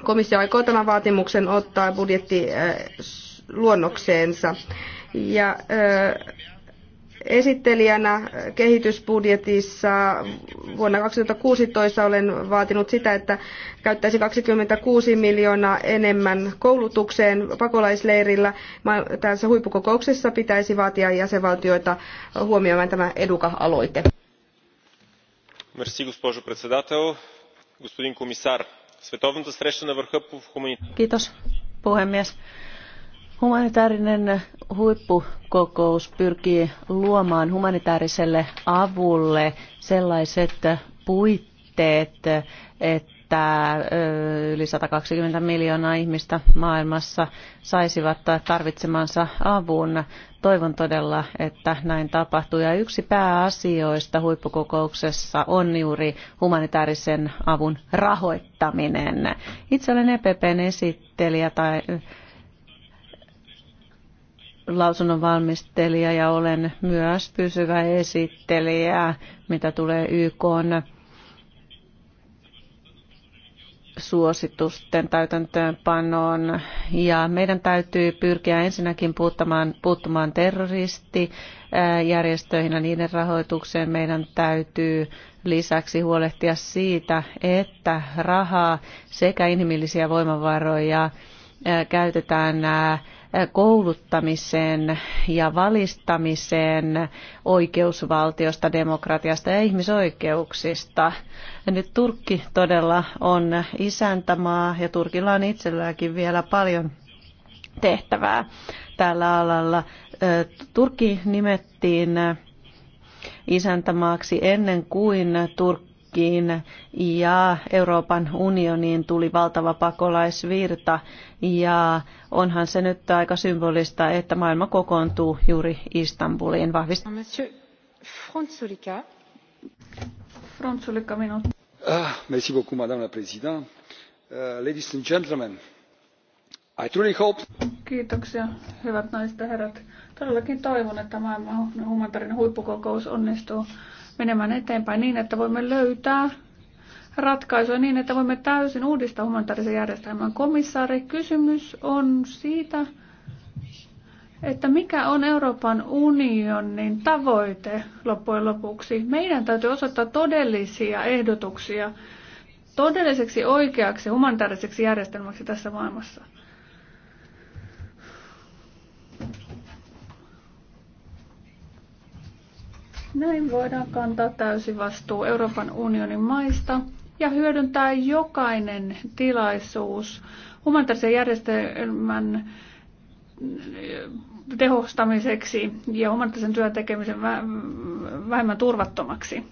Komissio aikoo tämän vaatimuksen ottaa budjettiluonnokseensa. Ja, esittelijänä kehitysbudjetissa vuonna 2016 olen vaatinut sitä, että käyttäisi 26 miljoonaa enemmän koulutukseen pakolaisleirillä. Tässä huippukokouksessa pitäisi vaatia jäsenvaltioita huomioimaan tämä EDUKA-aloite. Kiitos, puhemies. Humanitaarinen huippukokous pyrkii luomaan humanitaariselle avulle sellaiset puitteet, että yli 120 miljoonaa ihmistä maailmassa saisivat tarvitsemansa avun. Toivon todella, että näin tapahtuu. Ja yksi pääasioista huippukokouksessa on juuri humanitaarisen avun rahoittaminen. Itse olen EPPn esittelijä tai lausunnon valmistelija ja olen myös pysyvä esittelijä, mitä tulee YK suositusten täytäntöönpanoon. Ja meidän täytyy pyrkiä ensinnäkin puuttumaan, puuttumaan terroristijärjestöihin ja niiden rahoitukseen. Meidän täytyy lisäksi huolehtia siitä, että rahaa sekä inhimillisiä voimavaroja käytetään kouluttamiseen ja valistamiseen oikeusvaltiosta, demokratiasta ja ihmisoikeuksista. Nyt Turkki todella on isäntämaa ja Turkilla on itselläänkin vielä paljon tehtävää tällä alalla. Turkki nimettiin isäntämaaksi ennen kuin Turkki Turkkiin ja Euroopan unioniin tuli valtava pakolaisvirta ja onhan se nyt aika symbolista, että maailma kokoontuu juuri Istanbuliin vahvistamaan. Ah, merci beaucoup, madame la présidente. Uh, ladies and gentlemen, I truly hope... Kiitoksia, hyvät naiset ja herrat. Todellakin toivon, että maailman humanitaarinen huippukokous onnistuu menemään eteenpäin niin, että voimme löytää ratkaisuja niin, että voimme täysin uudistaa humanitaarisen järjestelmän. Komissaari, kysymys on siitä, että mikä on Euroopan unionin tavoite loppujen lopuksi. Meidän täytyy osoittaa todellisia ehdotuksia todelliseksi oikeaksi humanitaariseksi järjestelmäksi tässä maailmassa. Näin voidaan kantaa täysi vastuu Euroopan unionin maista ja hyödyntää jokainen tilaisuus humanitaarisen järjestelmän eh, tehostamiseksi ja humanitaarisen työn tekemisen vähemmän turvattomaksi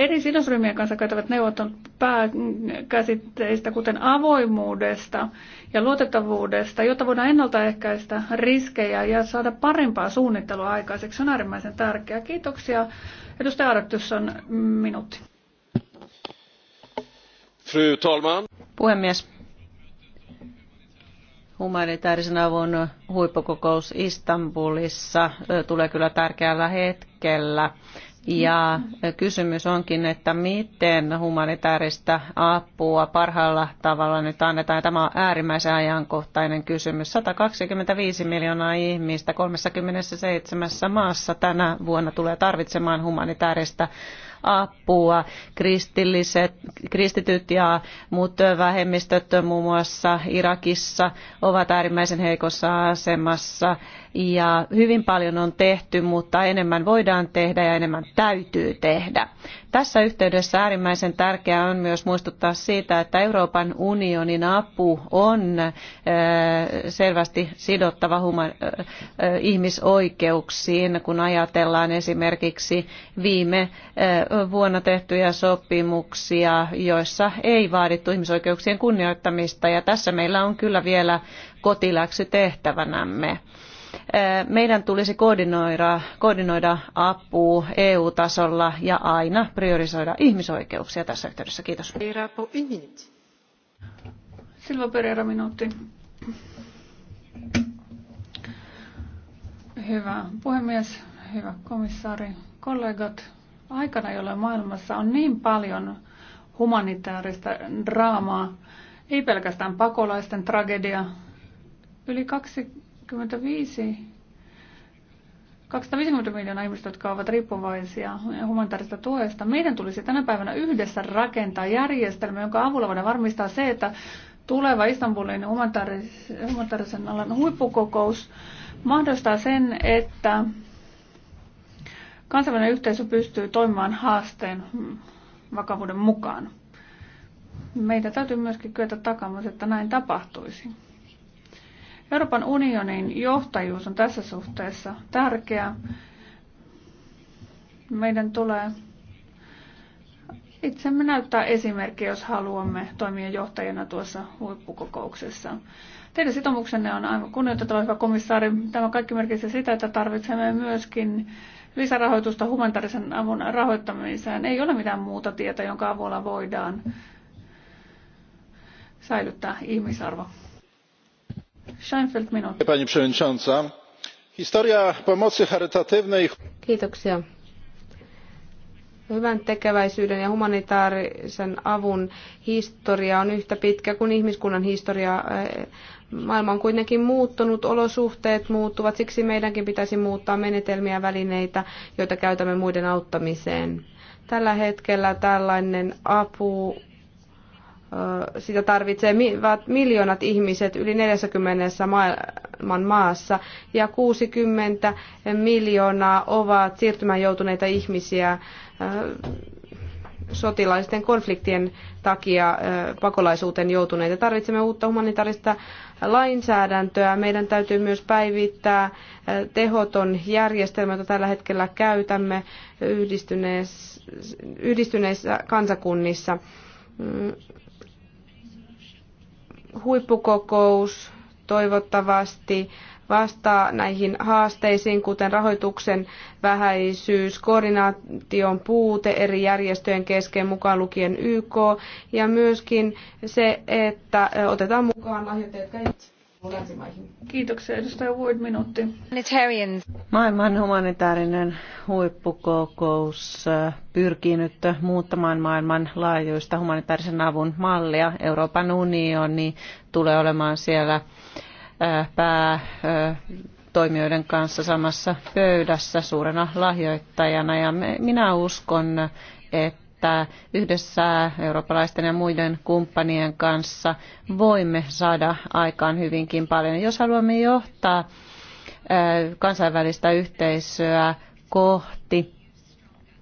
eri sidosryhmien kanssa käytävät neuvottelut pääkäsitteistä, kuten avoimuudesta ja luotettavuudesta, jotta voidaan ennaltaehkäistä riskejä ja saada parempaa suunnittelua aikaiseksi, on äärimmäisen tärkeää. Kiitoksia. Edustaja on minuutti. Fru talman. Puhemies. Humanitaarisen avun huippukokous Istanbulissa tulee kyllä tärkeällä hetkellä ja kysymys onkin, että miten humanitaarista apua parhaalla tavalla nyt annetaan. Tämä on äärimmäisen ajankohtainen kysymys. 125 miljoonaa ihmistä 37 maassa tänä vuonna tulee tarvitsemaan humanitaarista apua. Kristilliset, kristityt ja muut vähemmistöt muun muassa Irakissa ovat äärimmäisen heikossa asemassa ja hyvin paljon on tehty, mutta enemmän voidaan tehdä ja enemmän täytyy tehdä. Tässä yhteydessä äärimmäisen tärkeää on myös muistuttaa siitä, että Euroopan unionin apu on selvästi sidottava ihmisoikeuksiin, kun ajatellaan esimerkiksi viime vuonna tehtyjä sopimuksia, joissa ei vaadittu ihmisoikeuksien kunnioittamista ja tässä meillä on kyllä vielä kotiläksy tehtävänämme. Meidän tulisi koordinoida, koordinoida apu EU-tasolla ja aina priorisoida ihmisoikeuksia tässä yhteydessä. Kiitos. Silva Pereira, minuutti. Hyvä puhemies, hyvä komissaari, kollegat. Aikana, jolloin maailmassa on niin paljon humanitaarista draamaa, ei pelkästään pakolaisten tragedia, yli kaksi 25 250 miljoonaa ihmistä, jotka ovat riippuvaisia humanitaarista tuesta. Meidän tulisi tänä päivänä yhdessä rakentaa järjestelmä, jonka avulla voidaan varmistaa se, että tuleva Istanbulin humanitaarisen alan huippukokous mahdollistaa sen, että kansainvälinen yhteisö pystyy toimimaan haasteen vakavuuden mukaan. Meitä täytyy myöskin kyetä takaamaan, että näin tapahtuisi. Euroopan unionin johtajuus on tässä suhteessa tärkeää. Meidän tulee itsemme näyttää esimerkki, jos haluamme toimia johtajana tuossa huippukokouksessa. Teidän sitoumuksenne on aivan kunnioitettava, hyvä komissaari. Tämä kaikki merkitsee sitä, että tarvitsemme myöskin lisärahoitusta humanitaarisen avun rahoittamiseen. Ei ole mitään muuta tietä, jonka avulla voidaan säilyttää ihmisarvo. Pani przewodnicząca. Historia pomocy charytatywnej. Hyvän tekeväisyyden ja humanitaarisen avun historia on yhtä pitkä kuin ihmiskunnan historia. Maailma on kuitenkin muuttunut, olosuhteet muuttuvat, siksi meidänkin pitäisi muuttaa menetelmiä ja välineitä, joita käytämme muiden auttamiseen. Tällä hetkellä tällainen apu sitä tarvitsevat miljoonat ihmiset yli 40 maailman maassa ja 60 miljoonaa ovat siirtymään joutuneita ihmisiä sotilaisten konfliktien takia pakolaisuuteen joutuneita. Tarvitsemme uutta humanitaarista lainsäädäntöä. Meidän täytyy myös päivittää tehoton järjestelmä, jota tällä hetkellä käytämme yhdistyneissä kansakunnissa mm huippukokous toivottavasti vastaa näihin haasteisiin, kuten rahoituksen vähäisyys, koordinaation puute eri järjestöjen kesken, mukaan lukien YK, ja myöskin se, että otetaan mukaan lahjoittajat, jotka Kiitoksia. Edustaja Wood, minuutti. Maailman humanitaarinen huippukokous äh, pyrkii nyt äh, muuttamaan maailman laajuista humanitaarisen avun mallia. Euroopan unioni tulee olemaan siellä äh, päätoimijoiden kanssa samassa pöydässä suurena lahjoittajana ja minä uskon, että että yhdessä eurooppalaisten ja muiden kumppanien kanssa voimme saada aikaan hyvinkin paljon. Jos haluamme johtaa kansainvälistä yhteisöä kohti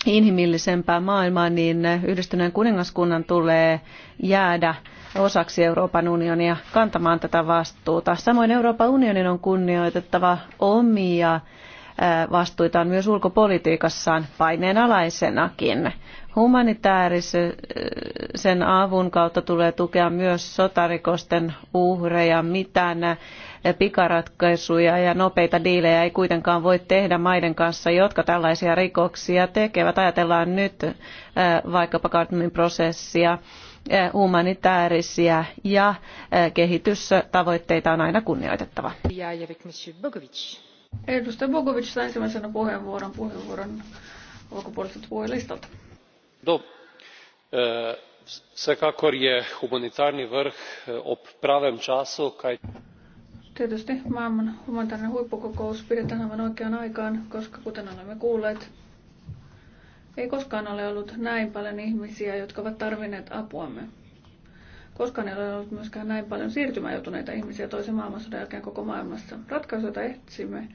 inhimillisempää maailmaa, niin yhdistyneen kuningaskunnan tulee jäädä osaksi Euroopan unionia kantamaan tätä vastuuta. Samoin Euroopan unionin on kunnioitettava omia vastuitaan myös ulkopolitiikassaan paineenalaisenakin. Humanitaarisen avun kautta tulee tukea myös sotarikosten uhreja. Mitään pikaratkaisuja ja nopeita diilejä ei kuitenkaan voi tehdä maiden kanssa, jotka tällaisia rikoksia tekevät. Ajatellaan nyt vaikkapa Kartumin prosessia humanitaarisia ja kehitystavoitteita on aina kunnioitettava. Edustaja Bogovic saa ensimmäisenä puheenvuoron puheenvuoron ulkopuoliselta puhelistalta. Do. Vsekakor je humanitarni vrh op pravem času, kai... Tietysti maailman humanitaarinen huippukokous pidetään aivan oikeaan aikaan, koska kuten olemme kuulleet, ei koskaan ole ollut näin paljon ihmisiä, jotka ovat tarvinneet apuamme. Koskaan ei ole ollut myöskään näin paljon siirtymään joutuneita ihmisiä toisen maailmansodan jälkeen koko maailmassa. Ratkaisuja etsimme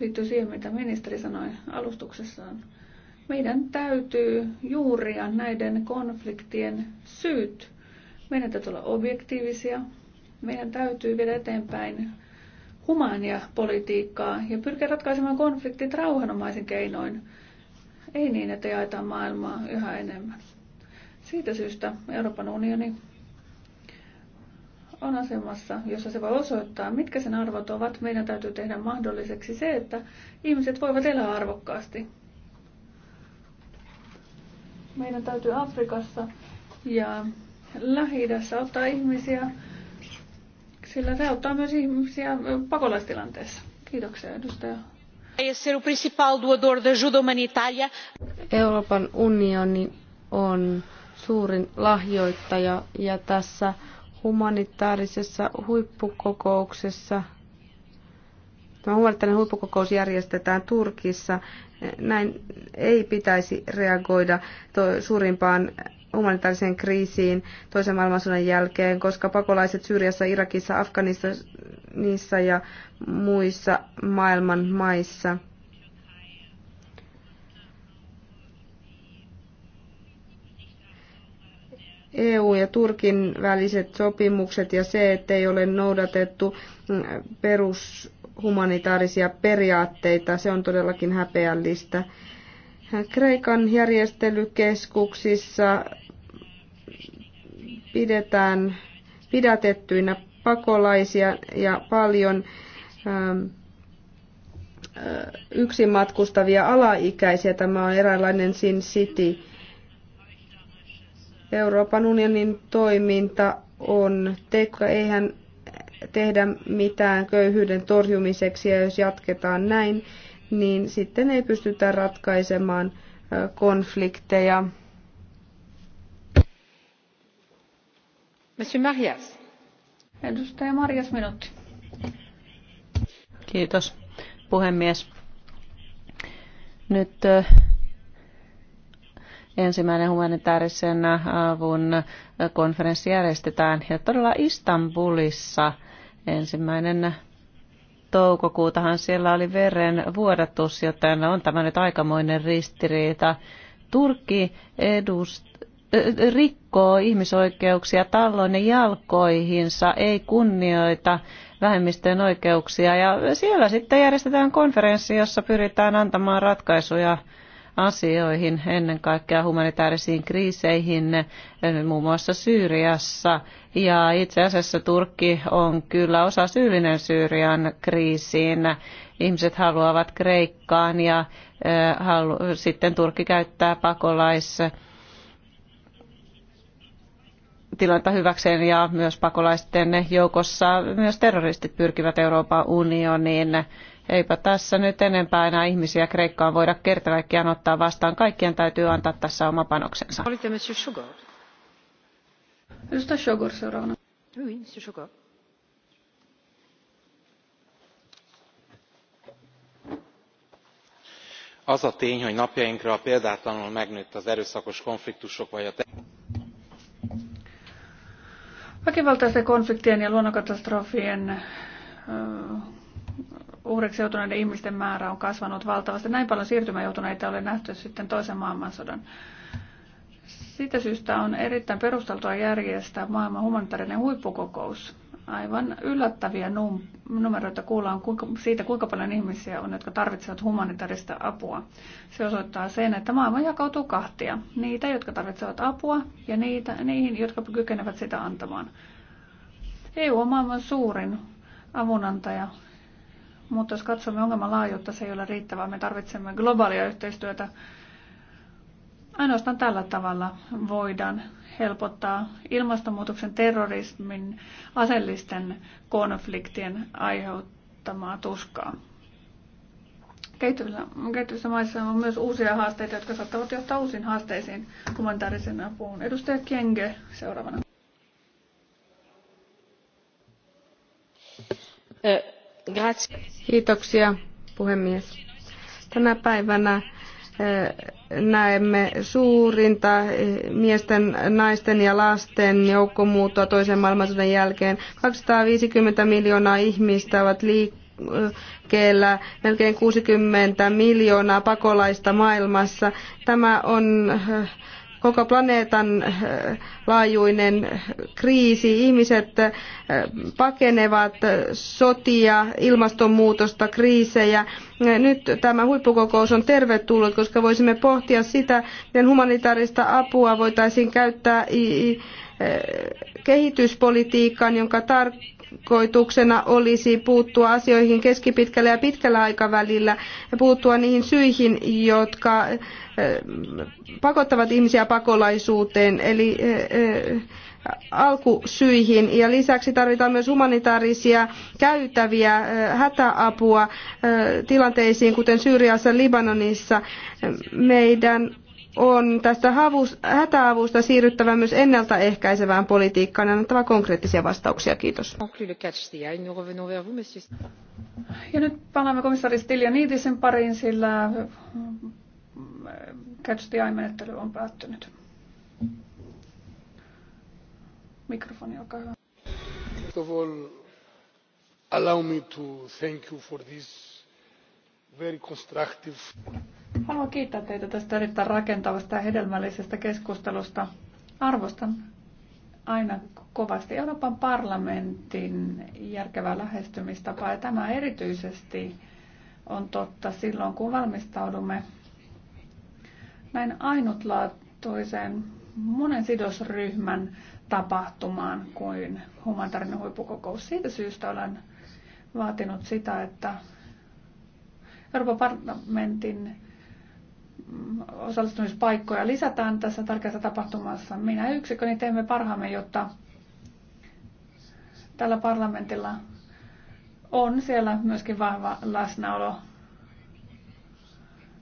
liittyy siihen, mitä ministeri sanoi alustuksessaan. Meidän täytyy juuria näiden konfliktien syyt. Meidän täytyy olla objektiivisia. Meidän täytyy viedä eteenpäin humania politiikkaa ja pyrkiä ratkaisemaan konfliktit rauhanomaisin keinoin. Ei niin, että jaetaan maailmaa yhä enemmän. Siitä syystä Euroopan unioni on asemassa, jossa se voi osoittaa, mitkä sen arvot ovat. Meidän täytyy tehdä mahdolliseksi se, että ihmiset voivat elää arvokkaasti. Meidän täytyy Afrikassa ja lähi ottaa ihmisiä, sillä se auttaa myös ihmisiä pakolaistilanteessa. Kiitoksia edustaja. Euroopan unioni on suurin lahjoittaja ja tässä humanitaarisessa huippukokouksessa Tämä humanitaarinen huippukokous järjestetään Turkissa. Näin ei pitäisi reagoida suurimpaan humanitaariseen kriisiin toisen maailmansodan jälkeen, koska pakolaiset Syyriassa, Irakissa, Afganistanissa ja muissa maailman maissa – EU ja Turkin väliset sopimukset ja se, että ei ole noudatettu perushumanitaarisia periaatteita, se on todellakin häpeällistä. Kreikan järjestelykeskuksissa pidetään pidätettyinä pakolaisia ja paljon ähm, äh, yksin matkustavia alaikäisiä. Tämä on eräänlainen Sin City. Euroopan unionin toiminta on teko. Eihän tehdä mitään köyhyyden torjumiseksi ja jos jatketaan näin, niin sitten ei pystytä ratkaisemaan konflikteja. Monsieur Marias. Edustaja Marias, minuutti. Kiitos, puhemies. Nyt ensimmäinen humanitaarisen avun konferenssi järjestetään. Ja todella Istanbulissa ensimmäinen toukokuutahan siellä oli veren vuodatus, joten on tämä nyt aikamoinen ristiriita. Turkki edustaa rikkoo ihmisoikeuksia tallon ja jalkoihinsa, ei kunnioita vähemmistöjen oikeuksia. Ja siellä sitten järjestetään konferenssi, jossa pyritään antamaan ratkaisuja asioihin, ennen kaikkea humanitaarisiin kriiseihin, muun muassa Syyriassa. Ja itse asiassa Turkki on kyllä osa syyllinen Syyrian kriisiin. Ihmiset haluavat Kreikkaan ja halu, sitten Turkki käyttää pakolais tilannetta hyväkseen ja myös pakolaisten joukossa myös terroristit pyrkivät Euroopan unioniin Eipä tässä nyt enempää enää ihmisiä Kreikkaan voida kertakaikkiaan ottaa vastaan. Kaikkien täytyy antaa tässä oma panoksensa. Olitte Mr. Sugar. Edustaja Sugar seuraavana. Oui, Mr. Sugar. az a tény hogy napjainkra példátlanul megnőtt az erőszakos konfliktusok vagy a Väkivaltaisten konfliktien ja luonnonkatastrofien uhreiksi joutuneiden ihmisten määrä on kasvanut valtavasti. Näin paljon siirtymä joutuneita ole nähty sitten toisen maailmansodan. Siitä syystä on erittäin perusteltua järjestää maailman humanitaarinen huippukokous. Aivan yllättäviä num- numeroita kuullaan kuinka, siitä, kuinka paljon ihmisiä on, jotka tarvitsevat humanitaarista apua. Se osoittaa sen, että maailma jakautuu kahtia. Niitä, jotka tarvitsevat apua ja niitä, niihin, jotka kykenevät sitä antamaan. EU on maailman suurin avunantaja mutta jos katsomme ongelman laajuutta, se ei ole riittävää. Me tarvitsemme globaalia yhteistyötä. Ainoastaan tällä tavalla voidaan helpottaa ilmastonmuutoksen, terrorismin, aseellisten konfliktien aiheuttamaa tuskaa. Kehittyvissä maissa on myös uusia haasteita, jotka saattavat johtaa uusiin haasteisiin humanitaarisen apuun. Edustaja kenge seuraavana. Kiitoksia, puhemies. Tänä päivänä eh, näemme suurinta eh, miesten, naisten ja lasten joukkomuuttoa toisen maailmansodan jälkeen. 250 miljoonaa ihmistä ovat liikkeellä, melkein 60 miljoonaa pakolaista maailmassa. Tämä on eh, koko planeetan äh, laajuinen kriisi. Ihmiset äh, pakenevat äh, sotia, ilmastonmuutosta, kriisejä. Nyt tämä huippukokous on tervetullut, koska voisimme pohtia sitä, miten humanitaarista apua voitaisiin käyttää kehityspolitiikkaan, jonka tarkoitus tarkoituksena olisi puuttua asioihin keskipitkällä ja pitkällä aikavälillä ja puuttua niihin syihin, jotka eh, pakottavat ihmisiä pakolaisuuteen, eli eh, eh, alkusyihin. Ja lisäksi tarvitaan myös humanitaarisia käytäviä hätäapua tilanteisiin, kuten Syyriassa, Libanonissa. Meidän on tästä hätäavusta siirryttävä myös ennaltaehkäisevään politiikkaan ja annettava konkreettisia vastauksia. Kiitos. Ja nyt palaamme komissaari Stiljaniitisen pariin, sillä äh, Catch the menettely on päättynyt. Mikrofoni, olkaa hyvä. Allow me to thank you for this very constructive Haluan kiittää teitä tästä erittäin rakentavasta ja hedelmällisestä keskustelusta. Arvostan aina kovasti Euroopan parlamentin järkevää lähestymistapaa ja tämä erityisesti on totta silloin, kun valmistaudumme näin ainutlaatuiseen monen sidosryhmän tapahtumaan kuin humanitaarinen huippukokous. Siitä syystä olen vaatinut sitä, että Euroopan parlamentin osallistumispaikkoja lisätään tässä tärkeässä tapahtumassa. Minä yksiköni niin teemme parhaamme, jotta tällä parlamentilla on siellä myöskin vahva läsnäolo.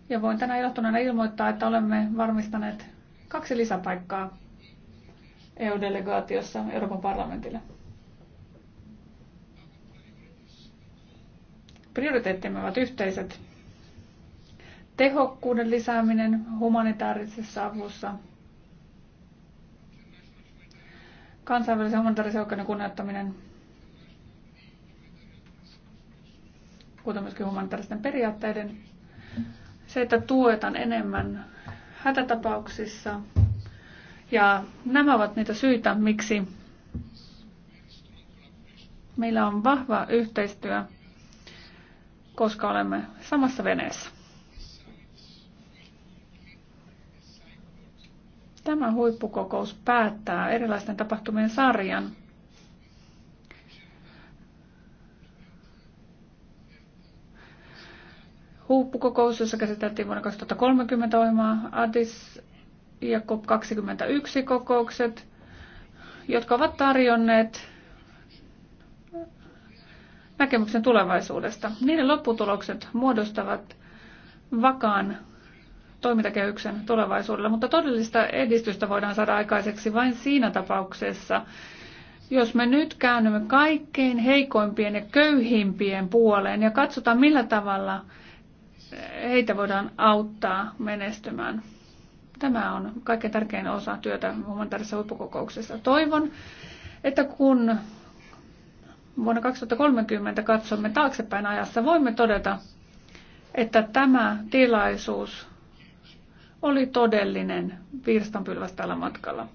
Ja voin tänä ilottuneena ilmoittaa, että olemme varmistaneet kaksi lisäpaikkaa EU-delegaatiossa Euroopan parlamentille. Prioriteettimme ovat yhteiset tehokkuuden lisääminen humanitaarisessa avussa, kansainvälisen humanitaarisen oikeuden kunnioittaminen, kuten myöskin humanitaaristen periaatteiden, se, että tuetaan enemmän hätätapauksissa. Ja nämä ovat niitä syitä, miksi meillä on vahva yhteistyö, koska olemme samassa veneessä. Tämä huippukokous päättää erilaisten tapahtumien sarjan. Huippukokous, jossa käsiteltiin vuonna 2030 ohjelmaa, Addis ja COP21 kokoukset, jotka ovat tarjonneet näkemyksen tulevaisuudesta. Niiden lopputulokset muodostavat vakaan toimintakehyksen tulevaisuudella, mutta todellista edistystä voidaan saada aikaiseksi vain siinä tapauksessa, jos me nyt käännymme kaikkein heikoimpien ja köyhimpien puoleen ja katsotaan millä tavalla heitä voidaan auttaa menestymään. Tämä on kaikkein tärkein osa työtä humanitaarisessa huippukokouksessa. Toivon, että kun vuonna 2030 katsomme taaksepäin ajassa, voimme todeta, että tämä tilaisuus oli todellinen virstanpylväs tällä matkalla.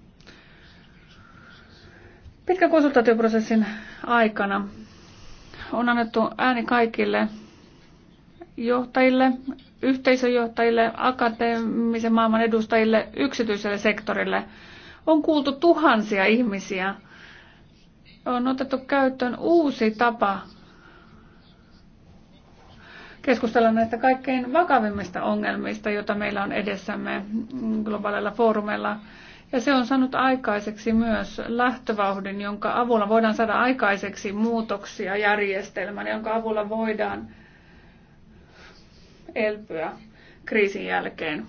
Pitkän konsultaatioprosessin aikana on annettu ääni kaikille johtajille, yhteisöjohtajille, akateemisen maailman edustajille, yksityiselle sektorille. On kuultu tuhansia ihmisiä. On otettu käyttöön uusi tapa keskustella näistä kaikkein vakavimmista ongelmista, joita meillä on edessämme globaaleilla foorumeilla. Ja se on saanut aikaiseksi myös lähtövauhdin, jonka avulla voidaan saada aikaiseksi muutoksia järjestelmään, jonka avulla voidaan elpyä kriisin jälkeen.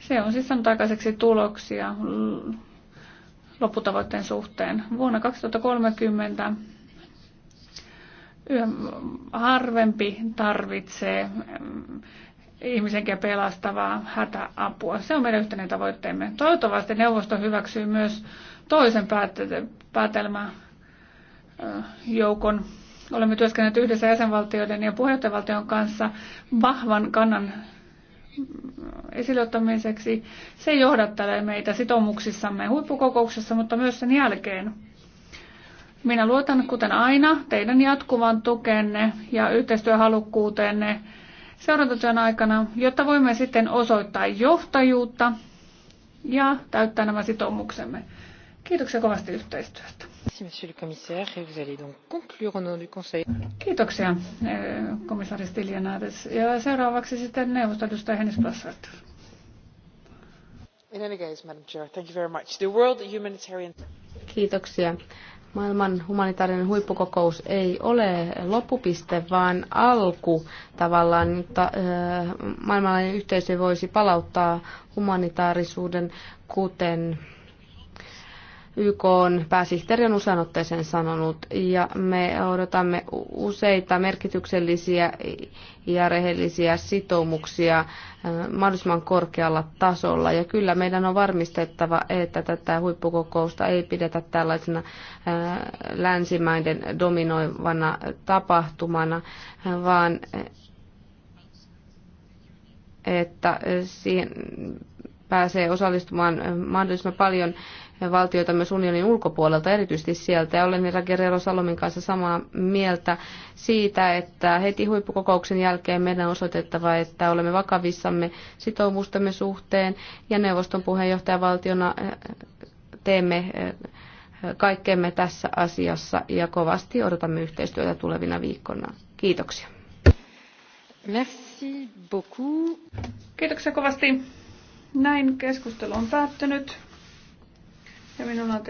Se on siis saanut aikaiseksi tuloksia lopputavoitteen suhteen. Vuonna 2030 yhä harvempi tarvitsee mm, ihmisenkin pelastavaa hätäapua. Se on meidän yhteinen tavoitteemme. Toivottavasti neuvosto hyväksyy myös toisen päätelmäjoukon. Olemme työskennelleet yhdessä jäsenvaltioiden ja puheenjohtajavaltion kanssa vahvan kannan mm, esilottamiseksi. Se johdattelee meitä sitoumuksissamme huippukokouksessa, mutta myös sen jälkeen minä luotan, kuten aina, teidän jatkuvan tukenne ja yhteistyöhalukkuuteenne seurantatyön aikana, jotta voimme sitten osoittaa johtajuutta ja täyttää nämä sitoumuksemme. Kiitoksia kovasti yhteistyöstä. Kiitoksia, eh, komissaari Stiljanades. Ja seuraavaksi sitten neuvostodustaja Hennis Plassart. Kiitoksia. Maailman humanitaarinen huippukokous ei ole loppupiste, vaan alku tavallaan, jotta maailmanlainen yhteisö voisi palauttaa humanitaarisuuden, kuten YK on pääsihteeri on usein otteeseen sanonut, ja me odotamme useita merkityksellisiä ja rehellisiä sitoumuksia mahdollisimman korkealla tasolla. Ja kyllä meidän on varmistettava, että tätä huippukokousta ei pidetä tällaisena länsimaiden dominoivana tapahtumana, vaan että siihen pääsee osallistumaan mahdollisimman paljon valtioita myös unionin ulkopuolelta, erityisesti sieltä. Ja olen Ira Guerrero Salomin kanssa samaa mieltä siitä, että heti huippukokouksen jälkeen meidän on osoitettava, että olemme vakavissamme sitoumustamme suhteen ja neuvoston puheenjohtajavaltiona eh, teemme eh, kaikkemme tässä asiassa ja kovasti odotamme yhteistyötä tulevina viikkoina. Kiitoksia. Merci beaucoup. Kiitoksia kovasti. Näin keskustelu on päättynyt. Ja minulla on